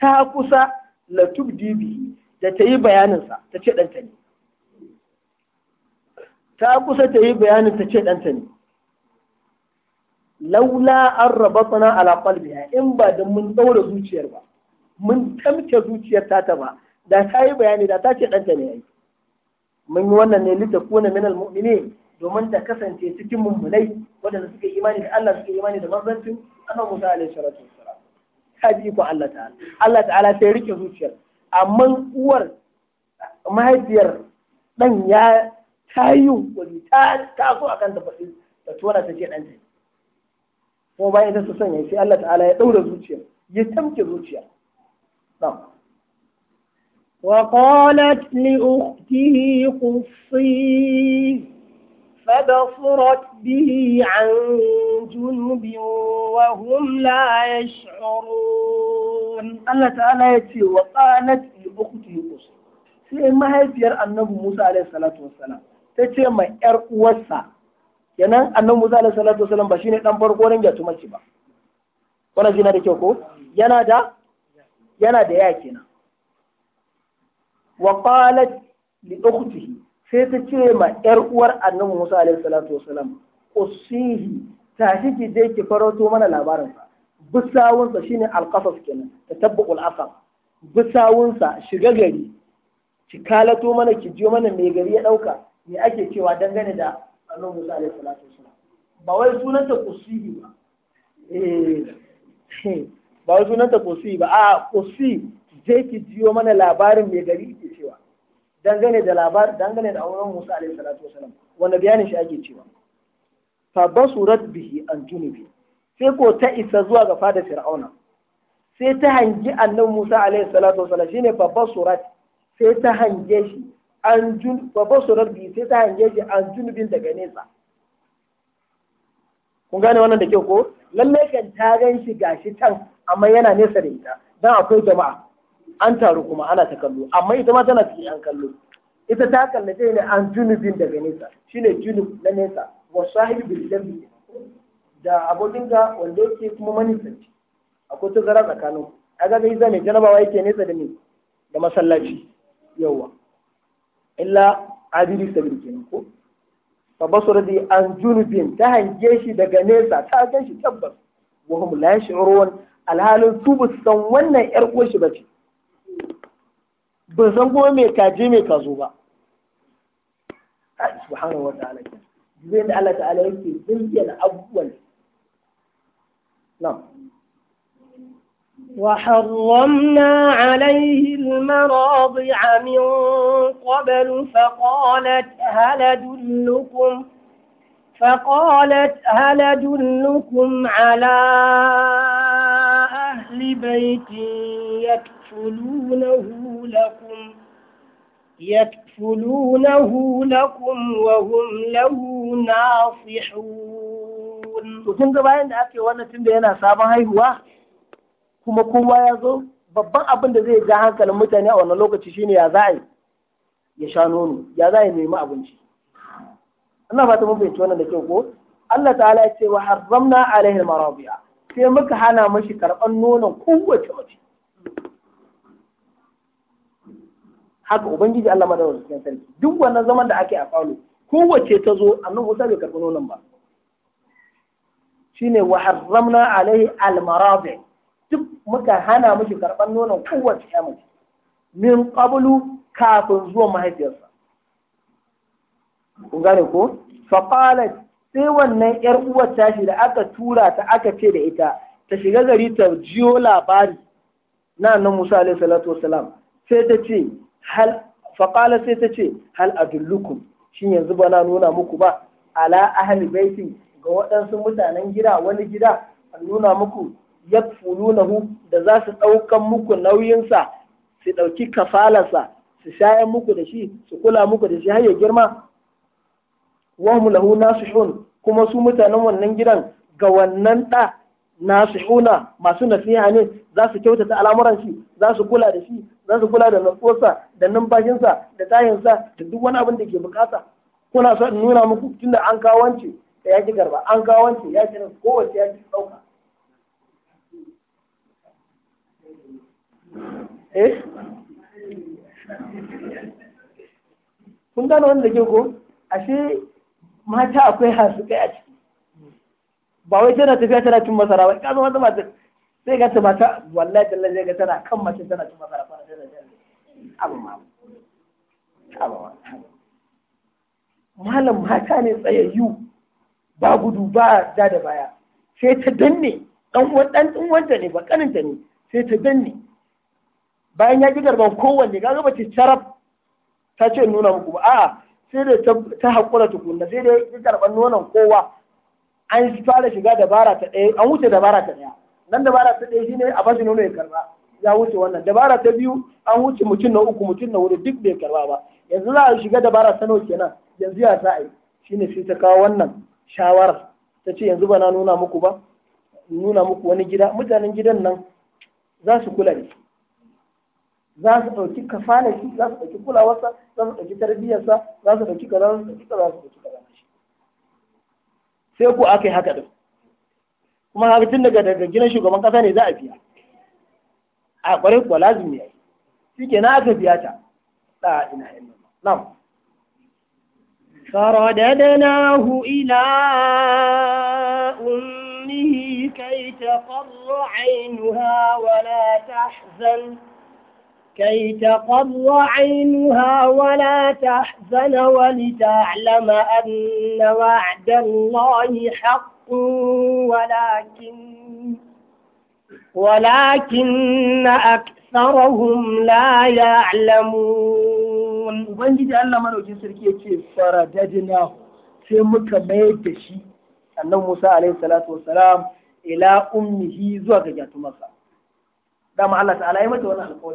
ta kusa la Dibi da ta yi bayaninsa ta ce ɗanta ne ta kusa ta yi bayanin ta ce ɗanta ne laula an raba suna ala biya in ba da mun ɗaura zuciyar ba mun tamke zuciyar ta ta ba da ta yi bayani da ta ce ɗanta ne yayi mun yi wannan ne litakuna min almu'minin domin ta kasance cikin mummunai waɗanda suka yi imani da Allah suka yi imani da manzancin Musa alaihi ta bi ku Allah ta'ala Allah ta'ala sai rike zuciyar amma uwar mahaifiyar ɗan ya ta yi wani ta taso a kanta faɗi da tuwa ta ce ɗanta kuma bayan ta su sanya sai Allah ta'ala ya ɗaura zuciya ya tamke zuciya وقالت لأخته قصيه فبصرت به عن جنب وهم لا يشعرون الله تعالى يتي وقالت لأخته قصي سيما هي النبي موسى عليه الصلاة والسلام ta ce ma ‘yar uwarsa, kenan annan Musa alaihi salatu wasallam ba shine ɗan farko ran gyatu mace ba. Wannan shi na da kyau ko? Yana da yana da ya kenan. Wa qalat li ukhtihi sai ta ce ma ‘yar uwar annan Musa alaihi salatu wasallam, qusihi tashi ki je ki farauto mana labarinsa. Bisawunsa shine alqasas kenan, tatabbu'ul asar. Bisawunsa shiga gari ki kalato mana ki jiyo mana mai gari ya ɗauka me ake cewa dangane da annabi Musa alaihi salatu wasalam ba wai sunanta kusi ba eh ba wai sunanta kusi ba a kusi je ki jiyo mana labarin mai gari ke cewa dangane da labar dangane da auren Musa alaihi salatu wasalam wanda bayanin shi ake cewa fa basurat bihi an junubi sai ko ta isa zuwa ga fadar fir'auna sai ta hangi annabi Musa alaihi salatu wasalam shine fa basurat sai ta hange shi an jun fa bi sai ta hange shi an junubin daga nesa kun gane wannan da kyau ko lalle kan ta gan shi gashi can amma yana nesa da ita dan akwai jama'a an taru kuma ana ta kallo amma ita ma tana cikin an kallo ita ta kallace ne an junubin daga nesa shine junub na nesa wa sahibi bil jambi da abokin ka wanda yake kuma manisanci akwai tazara tsakanin a ga iza mai janabawa yake nesa da ni da masallaci yawa illa abidi sabir kenan ko fa basura bi an junubin ta hange shi daga nesa ta gan shi tabbas wa hum la yash'urun alhalin su ba san wannan yar uwar shi bace ban san kuma me kaje me kazo ba subhanahu wa ta'ala zai da Allah ta'ala yake bayyana abubuwan nan وحرمنا عليه المراضع من قبل فقالت هل أدلكم فقالت هل أدلكم على أهل بيت يكفلونه لكم يكفلونه لكم وهم له ناصحون. وتنقبين أكي وانا تنبين أصابها هي tun kuma kowa ya zo babban abin da zai ja hankalin mutane a wannan lokaci shine ya za a ya sha nono ya za a nemi abinci ina fata mun fahimci wannan da kyau ko Allah ta'ala ya ce wa harzamna alaihi marabiya sai muka hana mashi karban nonon kowace mace haka ubangiji Allah cikin sarki duk wannan zaman da ake a falo kowace ta zo annabi Musa bai karɓi nonon ba shine wa harzamna alaihi al marabiya duk muka hana mishi karɓar nonon kowace ya mace min qablu kafin zuwa mahaifiyarsa kun gane ko fa sai wannan yar uwar tashi da aka tura ta aka ce da ita ta shiga gari ta jiyo labari na nan Musa alaihi salatu wassalam sai ta ce hal sai ta ce hal adullukum shin yanzu ba na nuna muku ba ala ahli baitin ga waɗansu mutanen gida wani gida an nuna muku yakfulunahu da za su ɗaukan muku nauyinsa su ɗauki kafalarsa su shayan muku da shi su kula muku da shi har ya girma wa hum lahu nasihun kuma su mutanen wannan gidan ga wannan ɗa nasihuna masu nasiha ne za su kyautata al'amuran shi za su kula da shi za su kula da nutsuwarsa da numfashinsa da tayinsa da duk wani abin da ke bukata kuna so in nuna muku tunda an kawo da ya garba an kawo wance ya nan kowace ya ki ɗauka eh kun gano wanda ke ko ashe mata akwai hasu kai a ciki ba wai tana tafiya tana cin masara ba kazo wanda mata sai ga mata wallahi talla zai ga tana kan mace tana cin masara fara tana abu ma abu ma malam mata ne tsayayyu ba gudu ba da da baya sai ta danne dan wadan dan wanda ne ba kaninta ne sai ta danne bayan ya ji garban kowanne ga gaba ce carab ta ce nuna muku ba a'a sai da ta haƙura tukunna sai da ya karɓar nonon kowa an fara shiga dabara ta ɗaya an wuce dabara ta ɗaya nan dabara ta ɗaya shine a bashi nono ya karba ya wuce wannan dabara ta biyu an wuce mutum na uku mutum na duk bai karba ba yanzu za a shiga dabara ta nawa kenan yanzu ya sa a yi shine sai ta kawo wannan shawarar ta ce yanzu ba na nuna muku ba nuna muku wani gida mutanen gidan nan za su kula da za su ɗauki kafalaki za su ɗauki kulawarsa za su ɗauki tarbiyyarsa za su ɗauki kaza za su ɗauki kaza za su ɗauki kaza sai ku aka yi haka ɗin kuma haka tun daga daga gidan shugaban ƙasa ne za a biya a ƙware kuwa lazimi ya yi shi ke na aka biya ta ɗa ina yin nan فرددناه إلى أمه كي تقر عينها ولا تحزن كي تقر عينها ولا تحزن ولتعلم أن وعد الله حق ولكن ولكن أكثرهم لا يعلمون وبنجد الله ما نوجد سركية فرددناه sai muka mayar da shi annan Musa alaihi salatu wassalam ila ummihi zuwa ga gyatumarsa dama Allah ta'ala ya mata wani alƙawari ko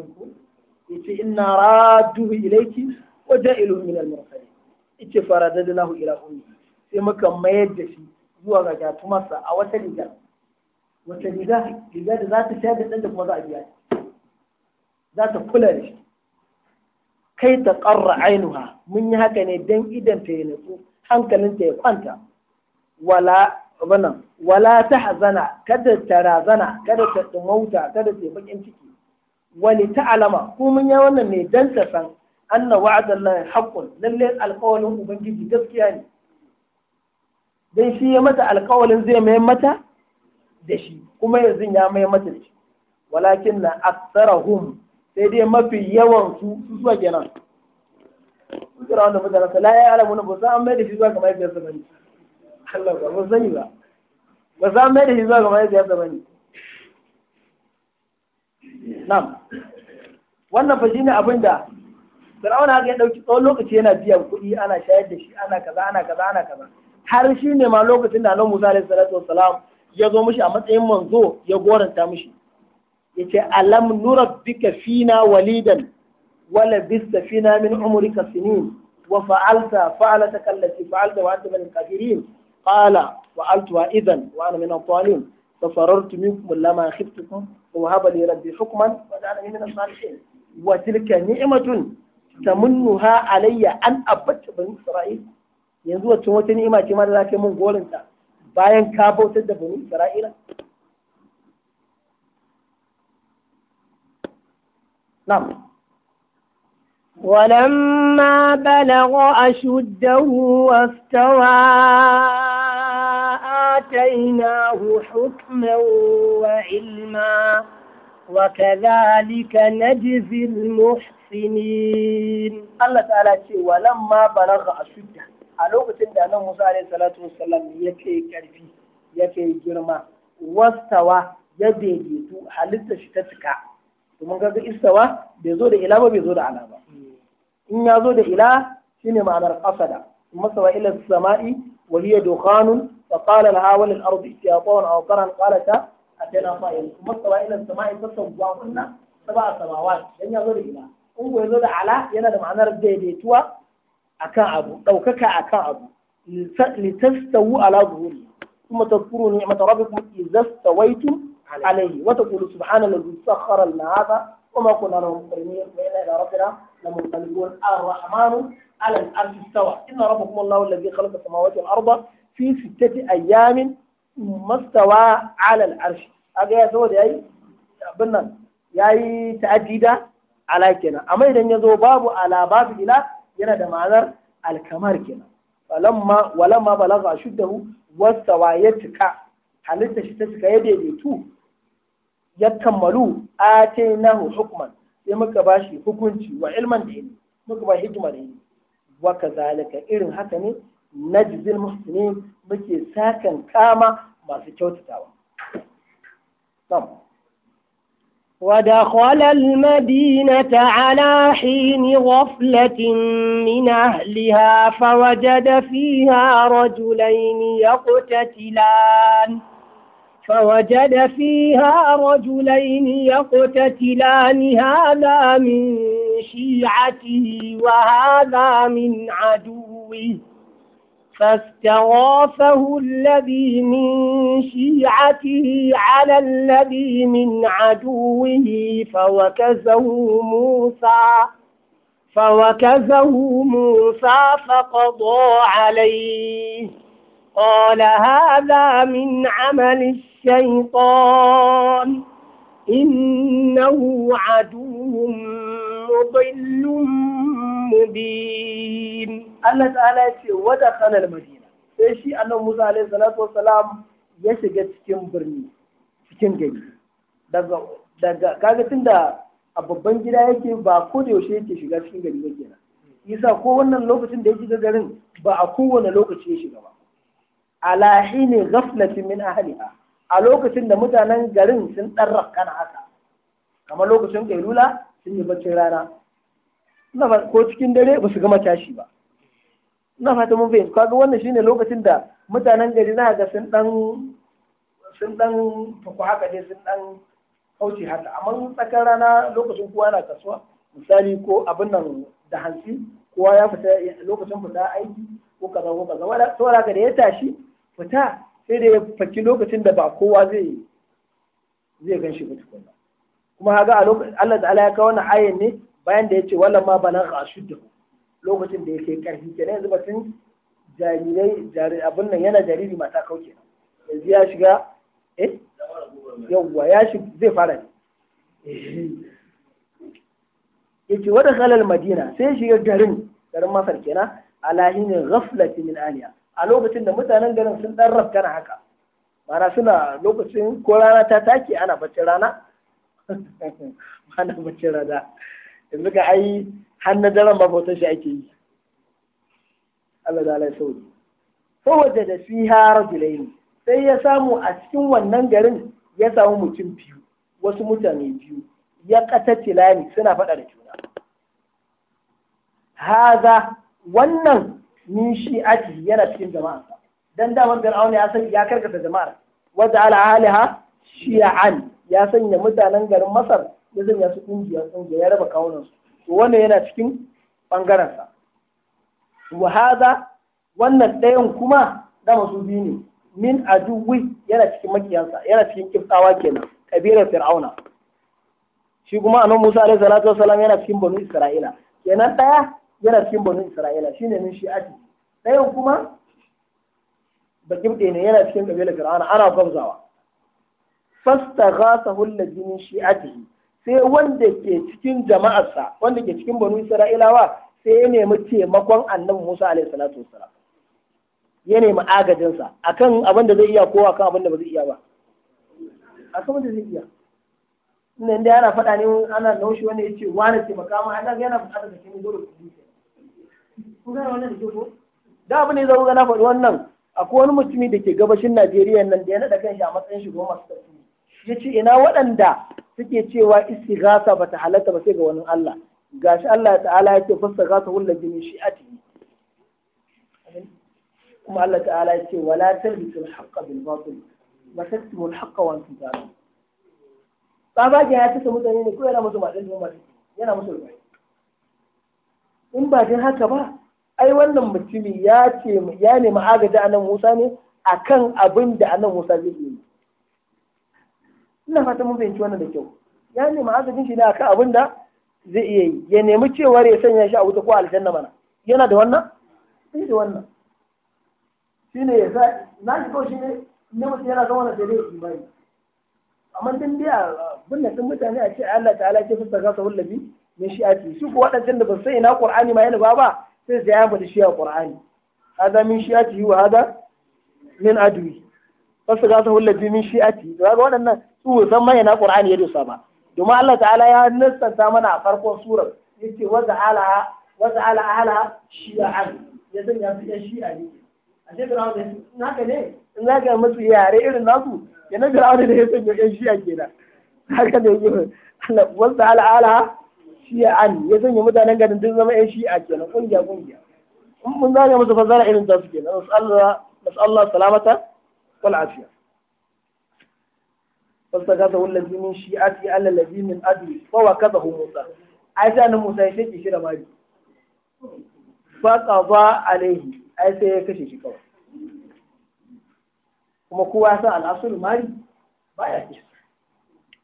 yace inna radduhu ilayki wa ja'iluhu min al-mursalin yace faradadnahu ila ummi sai muka mayar da shi zuwa ga a wata riga wata riga riga da za ta shayar da da kuma za a biya za ta kula da shi kai ta ƙarra ainuha mun yi haka ne don idan ta yi nutsu hankalinta ya kwanta wala wala ta hazana kada ta razana kada ta mauta kada ta bakin ciki wani ta'alama ko mun ya wannan ne dan ta san anna wa'adallahi haqqun lalle alƙawalin ubangiji gaskiya ne dan shi ya mata alƙawalin zai mai mata da shi kuma yanzu ya mai mata da shi walakin na aksarahum sai dai mafi yawan su su zuwa kenan kira wanda mutane sa la ya alamu na ba a mai da shi zuwa ga mahaifiyarsa bane Allah ba ba yi ba ba a mai da shi zuwa ga mahaifiyarsa bane Nam. wannan fa shine abin da Fir'auna haka ya dauki tsawon lokaci yana biyan kuɗi ana shayar da shi ana kaza ana kaza ana kaza har shi ne ma lokacin da Annabi Musa alaihi salatu wassalam ya zo mishi a matsayin manzo ya goranta mishi yace alam nurabbika fina walidan wala bista fina min umrika sinin wa fa'alta fa'alata kallati fa'alta wa anta min al-kafirin qala wa wa idan wa ana min al-talin ففررت منكم لما خفتكم وهب لي ربي حكما وجعلني من الصالحين وتلك نعمة تمنها علي أن أبت بني إسرائيل ينزو wacce wata ni'ima ذاك من da za ka mun golinta bayan ka bautar ولما بلغ أشده واستوى وآتيناه حكما وعلما وكذلك نجزي المحسنين الله تعالى ولما بلغ أشده a lokacin da nan Musa alaihi salatu wassalam karfi yake girma wastawa ya daidaitu halitta shi ta cika istawa bai zo da ila ba bai zo da ala ba in ya zo da ila shine ma'anar qasada masawa ila sama'i wa hiya dukhanun فقال لها وللأرض ائتيا أو قرن قالت أتينا طائرين ثم استوى إلى السماء فسوى كنا سبع سماوات لن ينظر إلى هو يقول على ينال معنى ردي بيتوا أكعب أو كك أكعب لتستووا على ظهوري ثم تذكروا نعمة ربكم إذا استويتم عليه وتقول سبحان الذي سخر لنا هذا وما كنا له مقرنين وإلا إلى ربنا لمنقلبون الرحمن على الأرض استوى إن ربكم الله الذي خلق السماوات والأرض fi sittati ayyamin mastawa alal arshi aga ya da yayi abin nan yayi ta'addida ala kenan amma idan ya zo babu ala babu ila yana da ma'anar alkamar kenan falamma walamma balagha shuddahu wastawa ya cika halitta shi ta cika ya daidaitu ya kammalu atainahu hukman sai muka bashi hukunci wa ilman da yake muka ba hikima da wa kazalika irin haka ne najzil muhsinin muke sakan kama masu kyautatawa ودخل المدينة على حين غفلة من أهلها فوجد فيها رجلين يقتتلان فوجد فيها رجلين يقتتلان هذا من شيعته وهذا من عدوه فاستغافه الذي من شيعته على الذي من عدوه فوكزه موسى فوكزه موسى فقضى عليه قال هذا من عمل الشيطان إنه عدو مضل mubin Allah ta'ala ya ce wada khalal madina sai shi annabi Musa alaihi salatu wassalam ya shiga cikin birni cikin gari daga daga kaga tunda a babban gida yake ba ko da yaushe yake shiga cikin gari ba kenan yasa ko wannan lokacin da ya shiga garin ba a kowane lokaci ya shiga ba ala hini ghaflatin min ahliha a lokacin da mutanen garin sun dan rakkana haka kamar lokacin kailula sun yi baccin rana ko cikin dare ba su gama tashi ba ina fata mun fahimta. kaga wannan shine lokacin da mutanen gari na ga sun dan sun dan fuku haka dai sun dan kauce haka amma tsakar rana lokacin kowa na kasuwa misali ko abin nan da hansi kowa ya fita lokacin fita aiki ko kaza ko kaza wala saboda haka da ya tashi fita sai da ya faki lokacin da ba kowa zai zai gan shi ba tukunna kuma haka a lokacin Allah ta'ala ya kawo wannan ayin ne bayan da ya ce wannan ma nan a ku, lokacin da ya kai karfi kenan yanzu batun jarirai abin nan yana jariri mata kauke. yanzu ya shiga eh yawwa ya shi zai fara ne ce wata halal madina sai shiga garin garin masar kenan ala hinin ghaflati min aliya a lokacin da mutanen garin sun dan na haka mana suna lokacin ko rana ta take ana bacci rana ana bacci rana yanzu ka ai hannun na daren ba bautar shi ake yi Allah da Allah ya sauri kowace da fi har sai ya samu a cikin wannan garin ya samu mutum biyu wasu mutane biyu ya kata tilani suna faɗa da juna haza wannan shi shi'ati yana cikin jama'a dan wannan fir'auna ya san ya karkata jama'a wadda ala alaha shi'an ya sanya mutanen garin masar ya zanya su kungiya kungiya ya raba kawunan su to wannan yana cikin bangaren sa wa hada wannan ɗayan kuma da masu biyu ne min aduwi yana cikin makiyansa yana cikin kiftawa kenan kabilar fir'auna shi kuma annabi Musa alaihi salatu wasallam yana cikin banu Isra'ila kenan ɗaya yana cikin banu Isra'ila shine min shi'ati ɗayan kuma bakin ɗaya ne yana cikin kabilar fir'auna ana gwabzawa fastaghasahu alladhi min shi'atihi sai wanda ke cikin jama'arsa wanda ke cikin banu isra'ilawa sai ya nemi taimakon annabi musa alaihi salatu wasalam ya nemi agajinsa akan abin da zai iya ko akan abin da ba zai iya ba akan abin da zai iya inda inda yana faɗa ne ana naushi wanda ya ce wani taimaka ma annabi yana buƙatar da kimi dole ku kun gane wannan da ke ko da abin da zai ga na faɗi wannan akwai wani mutumi da ke gabashin Najeriya nan da ya naɗa kan shi a matsayin shugaban masu ya ce ina waɗanda suke cewa isi ba bata halatta ba sai ga wani Allah gashi Allah ta'ala Ya ce yake fasaghatha jini shi a shi'ati kuma Allah ta'ala ya ce wala haƙa haqqa bil batil wa taktumul haqqa haƙa antum ta'lamun tsabage ya tuka mutane ne ko yana musu matsayi ne mutum yana musu ba in ba jin haka ba ai wannan mutumi ya ce ya nemi agaji a nan Musa ne akan abin da a nan Musa zai yi ina fata mun fahimci wannan da kyau ya nemi azabin shi ne akan abin da zai iya yi ya nemi cewar ya sanya shi a wuta ko aljanna mana yana da wannan sai da wannan ne ya sa na shi kawai shi ne mutum yana zama na sai dai yi amma din dai a binne sun mutane a ce Allah ta'ala ce fusta gasa hullabi min shi'ati su ko waɗancan da ba sai ina qur'ani ma yana ba ba sai sai ya fada shi a qur'ani hada min shi'ati wa hada min adwi fasu gasa hullati min shi'ati kaga waɗannan su san mai na qur'ani ya dosa ba domin Allah ta'ala ya nassanta mana a farkon surar ya wa ta'ala wa ta'ala ala shi'an ya sanya su yan shi'a ne a ce firawa da ne in za ka musu yare irin nasu ya na firawa da ya sanya ya shi'a da. haka ne wa ta'ala ala shi'an ya san sanya mutanen garin duk zama yan shi'a kenan ƙungiya-ƙungiya. in mun zaga musu fasara irin ta su ke kenan nasallahu nasallahu salamata والعافية فاستغاثه الذي من شيعته على الذي من أبي فوكذه موسى عايز أن موسى يشيك شيرا مالي فقضى عليه عايز يكشي شكوى kuma kowa ya san al'asul mali ba ya kisa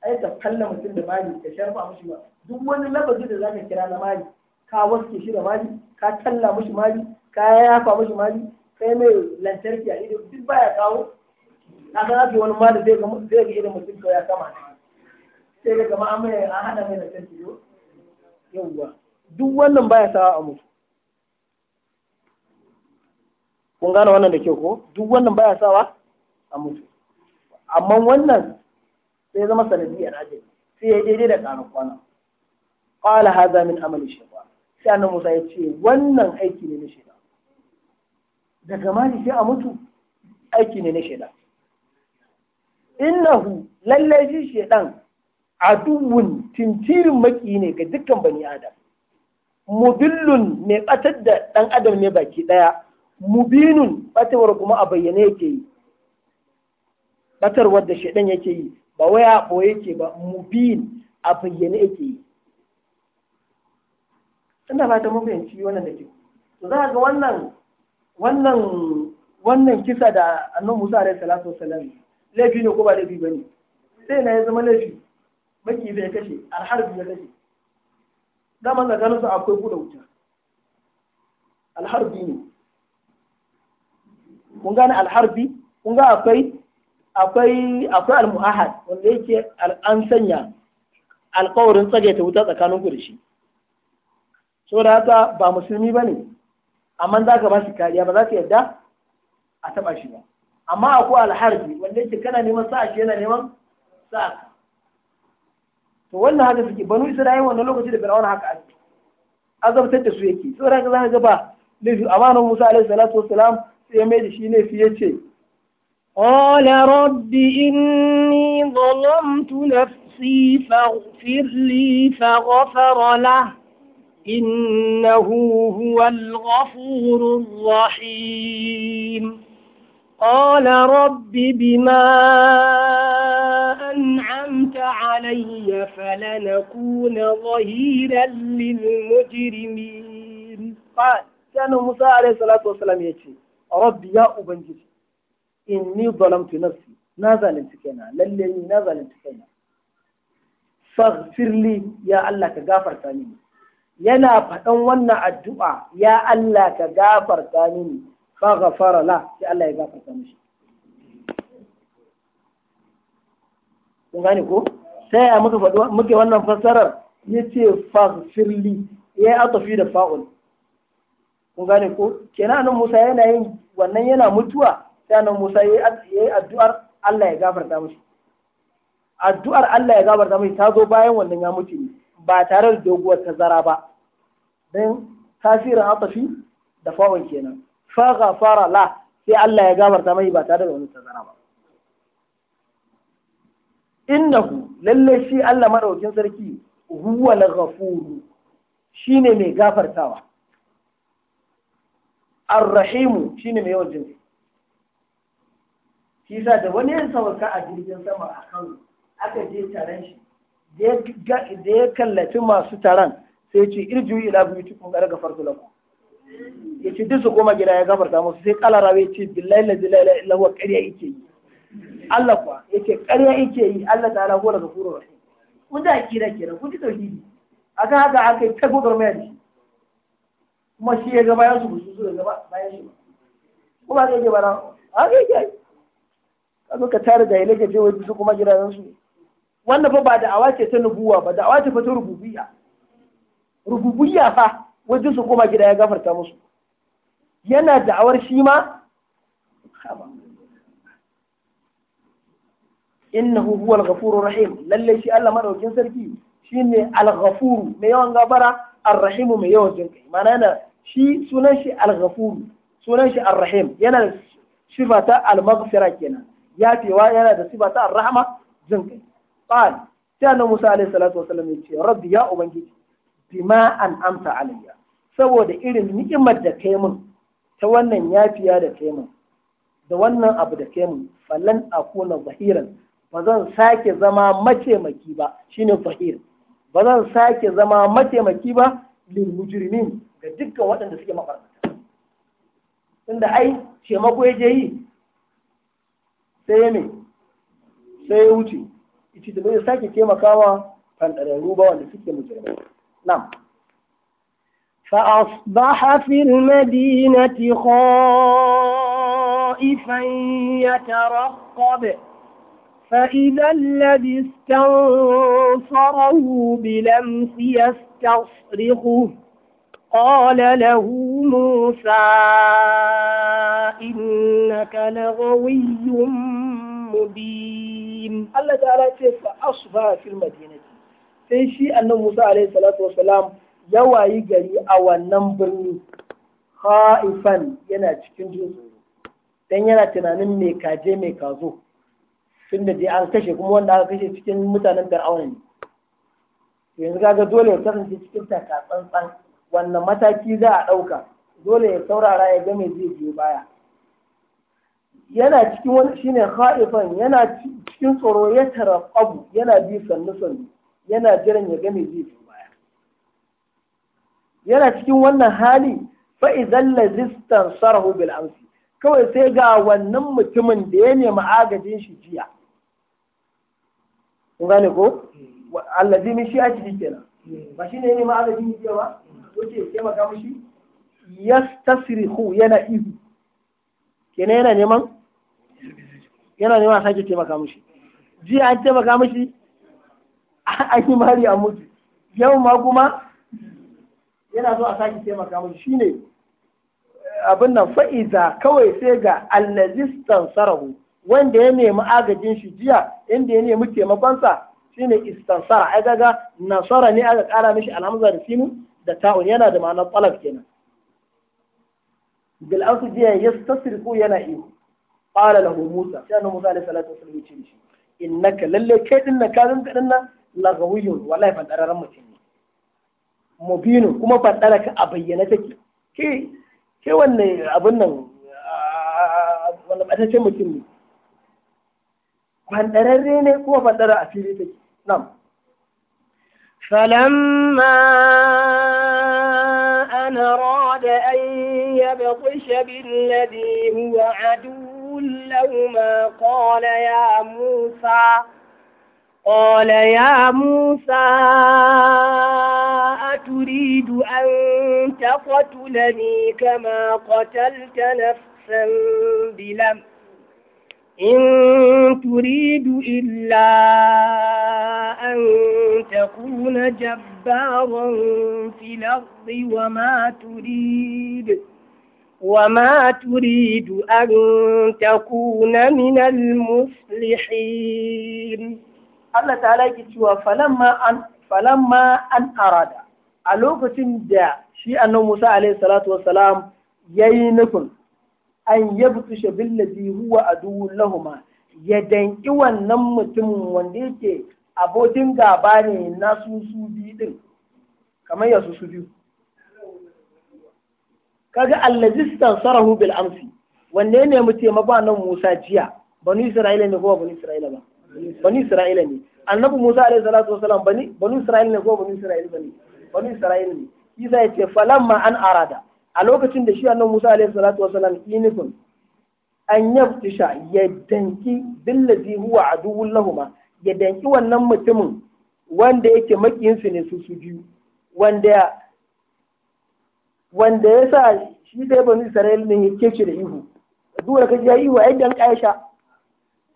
ai ka kalla mutum da mali ka sharfa mushi ba duk wani lafazi da zaka kira na mali ka waske shi da mali ka kalla mushi mali ka yafa mushi mali kai mai lantarki a ido duk baya kawo na ga ake wani mali zai ga zai ga irin mutum ya kama sai ga kama amma a hada mai da sarki tiyo yawwa duk wannan baya sawa a mutu kun gane wannan da kyau ko duk wannan baya sawa a mutu amma wannan sai zama sanadiyar ajali sai ya daidai da ƙarar kwana qala hadha min amali shaytan sai annabi Musa ya ce wannan aiki ne na shaytan daga mali sai a mutu aiki ne na shaytan innahu lallai shi a duwun tintirin maki ne ga dukkan bani adam mudillun mai batar da ɗan adam ne baki ɗaya mubinun ɓatarwar kuma a bayyane yake yi ɓatarwar da shaidan yake yi ba waya boye yake ba mubin a bayyane yake yi ina ba ta fahimci wannan da ke to za ga wannan wannan wannan kisa da annabi Musa alaihi salatu wasallam laifi ne ko ba laifi ba ne sai na ya zama laifi maki zai kashe alharbi ya kashe dama tsakanin su akwai kuda wuta alharbi ne kun gane alharbi kun ga akwai akwai akwai almu'ahad wanda yake an sanya alkawarin tsagaita wuta tsakanin ku da shi saboda haka ba musulmi ba ne amma za ka ba shi kariya ba za ka yarda a taɓa shi ba amma akwai alharbi wanda yake kana neman sa'a shi yana neman sa'a to wannan haka suke banu isra'ila wannan lokaci da fir'auna haka ake azabtar da su yake to ranka zaka ga ba amana Musa alaihi salatu wassalam sai ya mai da shi fi yace قال رب إني ظلمت نفسي فاغفر لي فغفر له إنه هو الغفور الرحيم قال رب بما أنعمت علي فلنكون ظهيرا للمجرمين قال كان موسى عليه الصلاة والسلام يأتي رب يا أبنجي إني ظلمت نفسي ماذا لنتكينا للي ماذا لنتكينا فاغفر لي يا الله كغافر ثاني mini yana faɗan wannan addu'a ya Allah ka gafarta mini fa fara la sai Allah ya gafarta mishi kun gane ko sai ya muka faɗi muke wannan fassarar yace faghfirli ya yi atafi da fa'ul kun gane ko kenan nan Musa yana yin wannan yana mutuwa sai nan Musa ya yi addu'ar Allah ya gafarta mishi addu'ar Allah ya gafarta mishi ta zo bayan wannan ya mutu ne ba tare da doguwar tazara ba don tasirin atafi da fa'ul kenan fa fara la sai Allah ya gafarta mai ba tare da wani tazara ba innahu lalle shi Allah madaukin sarki huwa al-ghafuru shine mai gafartawa Arrahimu shine mai yawan jinkai shi sa da wani 'yan sauka a jirgin sama a kan aka je taron shi da ya kallaci masu taron sai ce irju ila buyutukum arga farko lakum ya ce duk su koma gida ya gafarta musu sai kalara bai ce billahi la ilaha illa huwa ƙarya yake yi Allah kuwa ya ce ƙarya yake yi Allah ta'ala huwa kura rahim kun da kira kira kun ji tauhidi akan haka aka yi ta gogarmaya da shi kuma shi ya ga bayan su busu su da gaba bayan shi kuma ka yake bara haka yake ka zo ka tare da ilaka ka je wajen su kuma gidajen su wannan fa ba da ce ta nubuwa ba da ce fa ta rububiyya rububiyya fa wajen su koma gida ya gafarta musu yana da'awar shi ma innahu huwal ghafurur rahim lalle shi Allah madaukin sarki shine al-ghafur mai yawan gafara ar-rahim mai yawan jinkai ma'ana yana shi sunan shi al-ghafur sunan shi ar-rahim yana sifata al-maghfira kenan ya cewa yana da sifata ar-rahma jinkai qal ta annabi Musa alaihi salatu wasallam ya ce rabbi ya ubangiji bima an amsa alayya saboda irin ni'imar da kai mun ta wannan yafiya da kai mun da wannan abu da kai mun falan akuna zahiran ba zan sake zama mataimaki ba shine zahir ba zan sake zama mataimaki ba lil mujrimin ga dukkan waɗanda suke mafarkata tunda ai ce makoye je yi sai sai wuce ita da bai sake taimakawa fanɗararru ba wanda suke mujrimin نعم فأصبح في المدينة خائفا يترقب فإذا الذي استنصره بلمس يستصرخه قال له موسى إنك لغوي مبين الله تعالى أصبح في المدينة sai shi annan Musa alaihi salatu wassalam ya wayi gari a wannan birni haifan yana cikin jin dan yana tunanin mai kaje mai kazo tunda dai an kashe kuma wanda aka kashe cikin mutanen da ne yanzu kaga dole ya kasance cikin ka tsantsan wannan mataki za a ɗauka dole ya saurara ya ga zai biyo baya yana cikin wani shine khaifan yana cikin tsoro ya tara abu yana bi sannu sannu yana jiran ya game zai biyo baya yana cikin wannan hali fa idan lazistan sarahu bil amsi kawai sai ga wannan mutumin da ya nemi agajin shi jiya kun gane ko hmm. zai mishi shi aji kenan hmm. ba shi ne ya nemi agajin jiya ba wace ya taimaka mishi yastasrihu yana ihu kenan yana neman yana neman a sake taimaka mishi jiya an taimaka mishi a yi mari a mutu yau ma kuma yana so a sake taimaka Shi ne eh, abin nan fa'iza kawai sai ga allazistan sarahu wanda ya nemi agajin shi jiya inda ya nemi taimakonsa shine istansara ai gaga nasara ne aka kara mishi alhamza da sinu da ta'un yana da ma'anar talab kenan bil ausu jiya yastasriqu yana iyo qala lahu musa sai annabi musa alaihi salatu wasallam ya ce mishi innaka lalle kai din na ka din nan lagawiyun wallahi dararan mutum ne mubinu kuma ban ka a bayyana take ke ke wannan abin nan Wannan ta ce mutum ne Ban dararre ne kuma fandara a fili take nam فلما أن أراد أن يبطش بالذي هو عدو لهما قال يا موسى قال يا موسى أتريد أن تقتلني كما قتلت نفسا بلم إن تريد إلا أن تكون جبارا في الأرض وما تريد وما تريد أن تكون من المصلحين Allah ta halaki cewa falamma an an arada a lokacin da shi annan Musa alaihi salatu wassalam yayi nufin an yabtusha billazi huwa aduwwul lahuma ya danƙi wannan mutum wanda yake abokin gaba ne na su su biyu din kamar ya su su biyu kaga allazistan sarahu bil amsi wanne ne mu taimako nan Musa jiya banu Isra'ila ne ko banu Isra'ila ba bani isra'ila ne annabi musa alayhi salatu salam bani bani isra'ila ne ko bani isra'ila bani bani isra'ila ne isa ya ce falamma an arada a lokacin da shi annabi musa alayhi salatu wa salam inifin an yabtisha ya danki billazi huwa aduwwul lahuma ya danki wannan mutumin wanda yake makiyinsu ne su su biyu wanda wanda ya sa shi da ya bani isra'ila ne ya kece da ihu duk da kaji ya ihu ai dan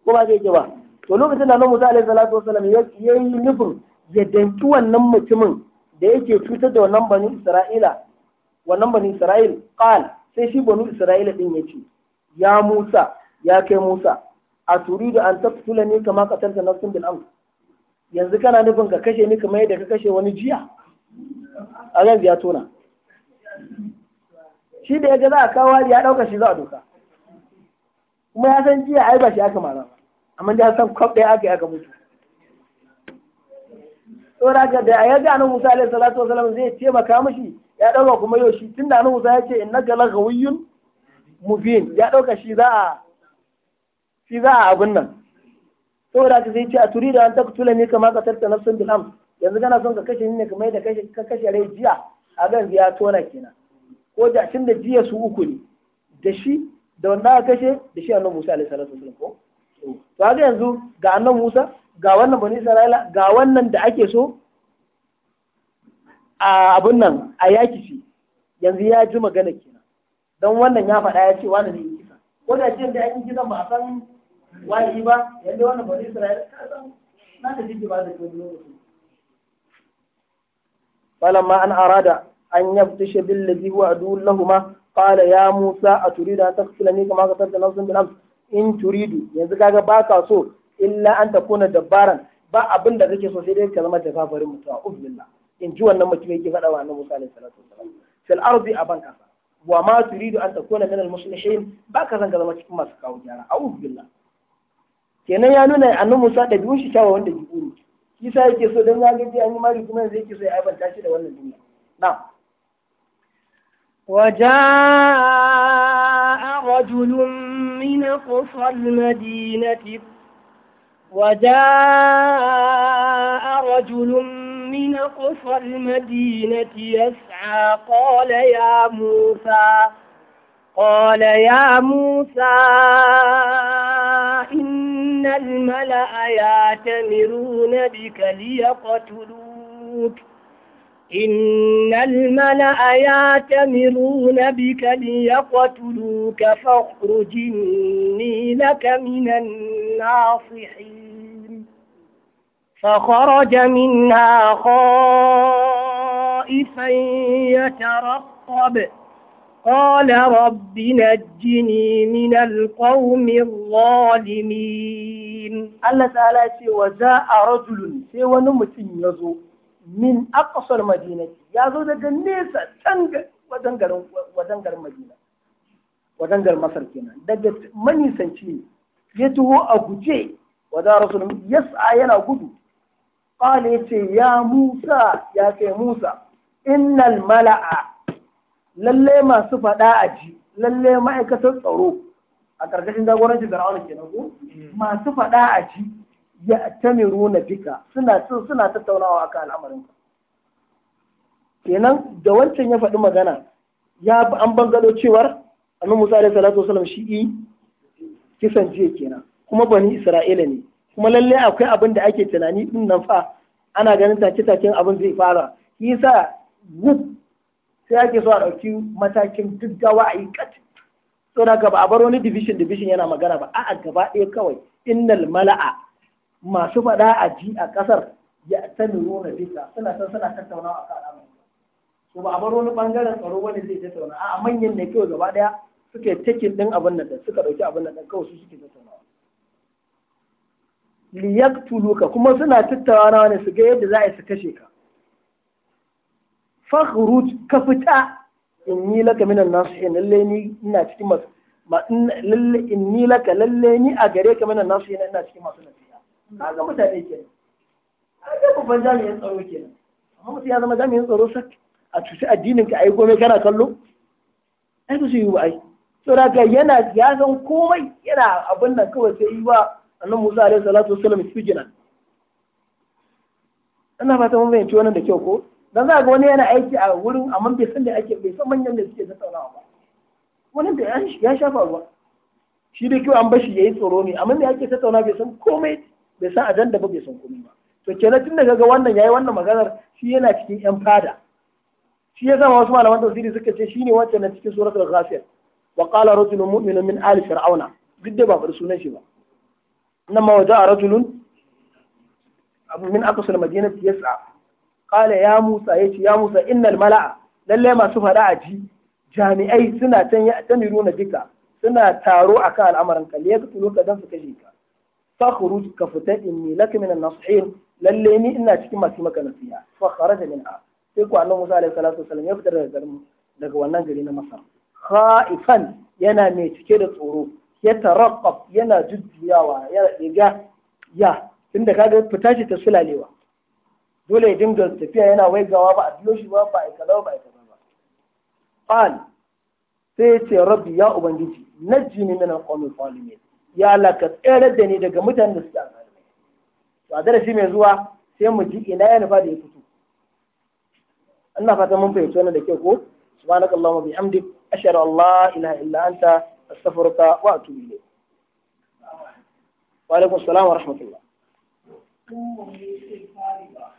ko ba zai ji ba to lokacin da nan Musa alaihi salatu wasallam ya yi nufin ya danki wannan mutumin da yake cutar da wannan bani Isra'ila wannan bani Isra'il qal sai shi bani Isra'ila din ya ce ya Musa ya kai Musa a turidu an taqtula ni kama qatalta nafsin bil amr yanzu kana nufin ka kashe ni kamar yadda ka kashe wani jiya a yanzu ya tona shi da ya ga za a kawo ya dauka shi za a doka kuma ya san jiya ai ba shi aka mara ba amma da san kwaf ɗaya aka yi aka mutu tsora ga da ya ga annabi Musa alaihi salatu wasallam zai taimaka mashi? ya dauka kuma yau shi tunda annabi Musa ya ce innaka laghawiyyun mubin ya dauka shi za a shi za a abin nan saboda ka zai ce a turi da an taktula ne kamar ka tarta nafsun bil am yanzu kana son ka kashe ni ne kamar da ka kashe rai jiya a gan ya tona kenan ko da tun da jiya su uku ne da shi da wanda aka kashe da shi annabi Musa alaihi salatu wasallam ko to ga yanzu ga annan Musa ga wannan bani Isra'ila ga wannan da ake so a abun nan a yaki shi yanzu ya ji magana kenan don wannan ya faɗa ya ce wani ne yi kisa ko da ce da ake kisan ba a san wani ba yanzu wannan bani Isra'ila ka san na ta jiki ba da ke wani lokaci فلما أن أراد أن يبتش بالذي هو عدو لهما قال يا موسى أتريد أن تقتلني كما قتلت نفسا بالأمس in turidu yanzu kaga ba ka so illa an ta kuna dabbaran ba abin da kake so sai dai ka zama jafafarin mutum a ubillah in ji wannan mutum yake faɗa wa annabi sallallahu alaihi salatu wasallam fil ardi aban kasa wa ma turidu an kuna min al muslimin ba ka zanga ka zama cikin masu kawo gyara a ubilla kenan ya nuna annabi Musa da biyun shi cewa wanda jibu ne kisa yake so dan zaka ji an yi mari kuma zai yake so ya aibanta shi da wannan duniya na'am وجاء رجل أقصى المدينة وجاء رجل من أقصى المدينة يسعى قال يا موسى قال يا موسى إن الملأ يعتمرون بك ليقتلوك إن الملأ يعتمرون بك ليقتلوك فاخرجني لك من الناصحين فخرج منها خائفا يترقب قال رب نجني من القوم الظالمين الله تعالى جاء رجل سوى نمت يزوق min aqsal madinati ya zo daga nesa can wajen garin wajen garin madina wajen garin masar kenan daga manisanci ne ya tuho a guje wajen rasul yas'a yana gudu qala yace ya musa ya kai musa innal mala'a lalle masu fada a ji lalle ma'aikatar tsaro a ƙarƙashin jagorancin fir'auna kenan ko mm. masu fada a ji ya tamiru na fika suna suna tattaunawa akan al'amarin ka kenan da wancan ya faɗi magana ya an bangalo cewar annu Musa alaihi salatu wasallam shi yi kisan jiya kenan kuma bani Isra'ila ne kuma lalle akwai abin da ake tunani din nan fa ana ganin take taken abin zai fara yasa gub sai ake so a ɗauki matakin gaggawa a yi kat saboda ba a bar wani division division yana magana ba a'a gaba ɗaya kawai innal mala'a masu faɗa a ji a ƙasar ya ta na bisa suna san suna tattauna a kan al'amari to ba a bar wani bangaren tsaro wani zai tattauna a manyan ne kawai gaba ɗaya suke cikin ɗin abin nan suka ɗauki abin nan kawai su suke Liyak tuluka kuma suna tattauna ne su ga yadda za a yi su kashe ka fakhruj ka fita in yi laka minan nasu in lalle ni ina cikin masu lalle in ni laka lalle ni a gare ka minan nasu ina cikin masu nasu kaga mutane kenan kaga babban jami'in tsaro kenan amma mutum ya zama jami'in tsaro sak a cuci addinin ka ai gome kana kallo ai ba su yi wa ai saboda yana ya san komai yana abin nan kawai sai yi wa annabi Musa alaihi salatu wassalam jira. ina fata mun fahimci wannan da kyau ko dan za ga wani yana aiki a wurin amma bai san da ake bai san manyan da suke tattaunawa ba wani da ya shafa ruwa shi da kyau an bashi yayi tsoro ne amma da yake tattauna bai san komai bai san ajanda ba bai san komai ba to kenan tun daga ga wannan yayi wannan maganar shi yana cikin yan fada shi ya zama wasu malaman tafsiri suka ce shine wancan na cikin suratul ghafir wa qala rajulun mu'minun min ali fir'auna duk da ba far sunan shi ba nan ma waja'a rajulun min aqsal madinati yas'a qala ya musa yace ya musa innal mala'a lalle masu fada a ji jami'ai suna can ya nuna bika suna taro akan al'amarin ka ka dan su kashe ka fakhruj ka fita inni laka min an-nasihin lalle ni ina cikin masu maka nasiha fa kharaja minha sai ko annabi Musa alaihi salatu wasallam ya fitar daga garin daga wannan gari na Masar khaifan yana mai cike da tsoro ya taraqqab yana jujjuyawa ya riga ya tunda kaga fita shi ta sulalewa dole ya dinga tafiya yana waigawa ba a biyo ba ba a kaza ba a ba qal sai ya ce rabbi ya ubangiji najjini na al-qawmi zalimin ya laka tsere da ni daga mutanen da suke azalimai to a darasi mai zuwa sai mu ji ina ya nufa da ya fito ina fatan mun fahimci wannan da kyau ko subhanakallahumma bihamdik ashhadu an la ilaha illa anta astaghfiruka wa atubu ilayk wa alaikum assalam wa rahmatullah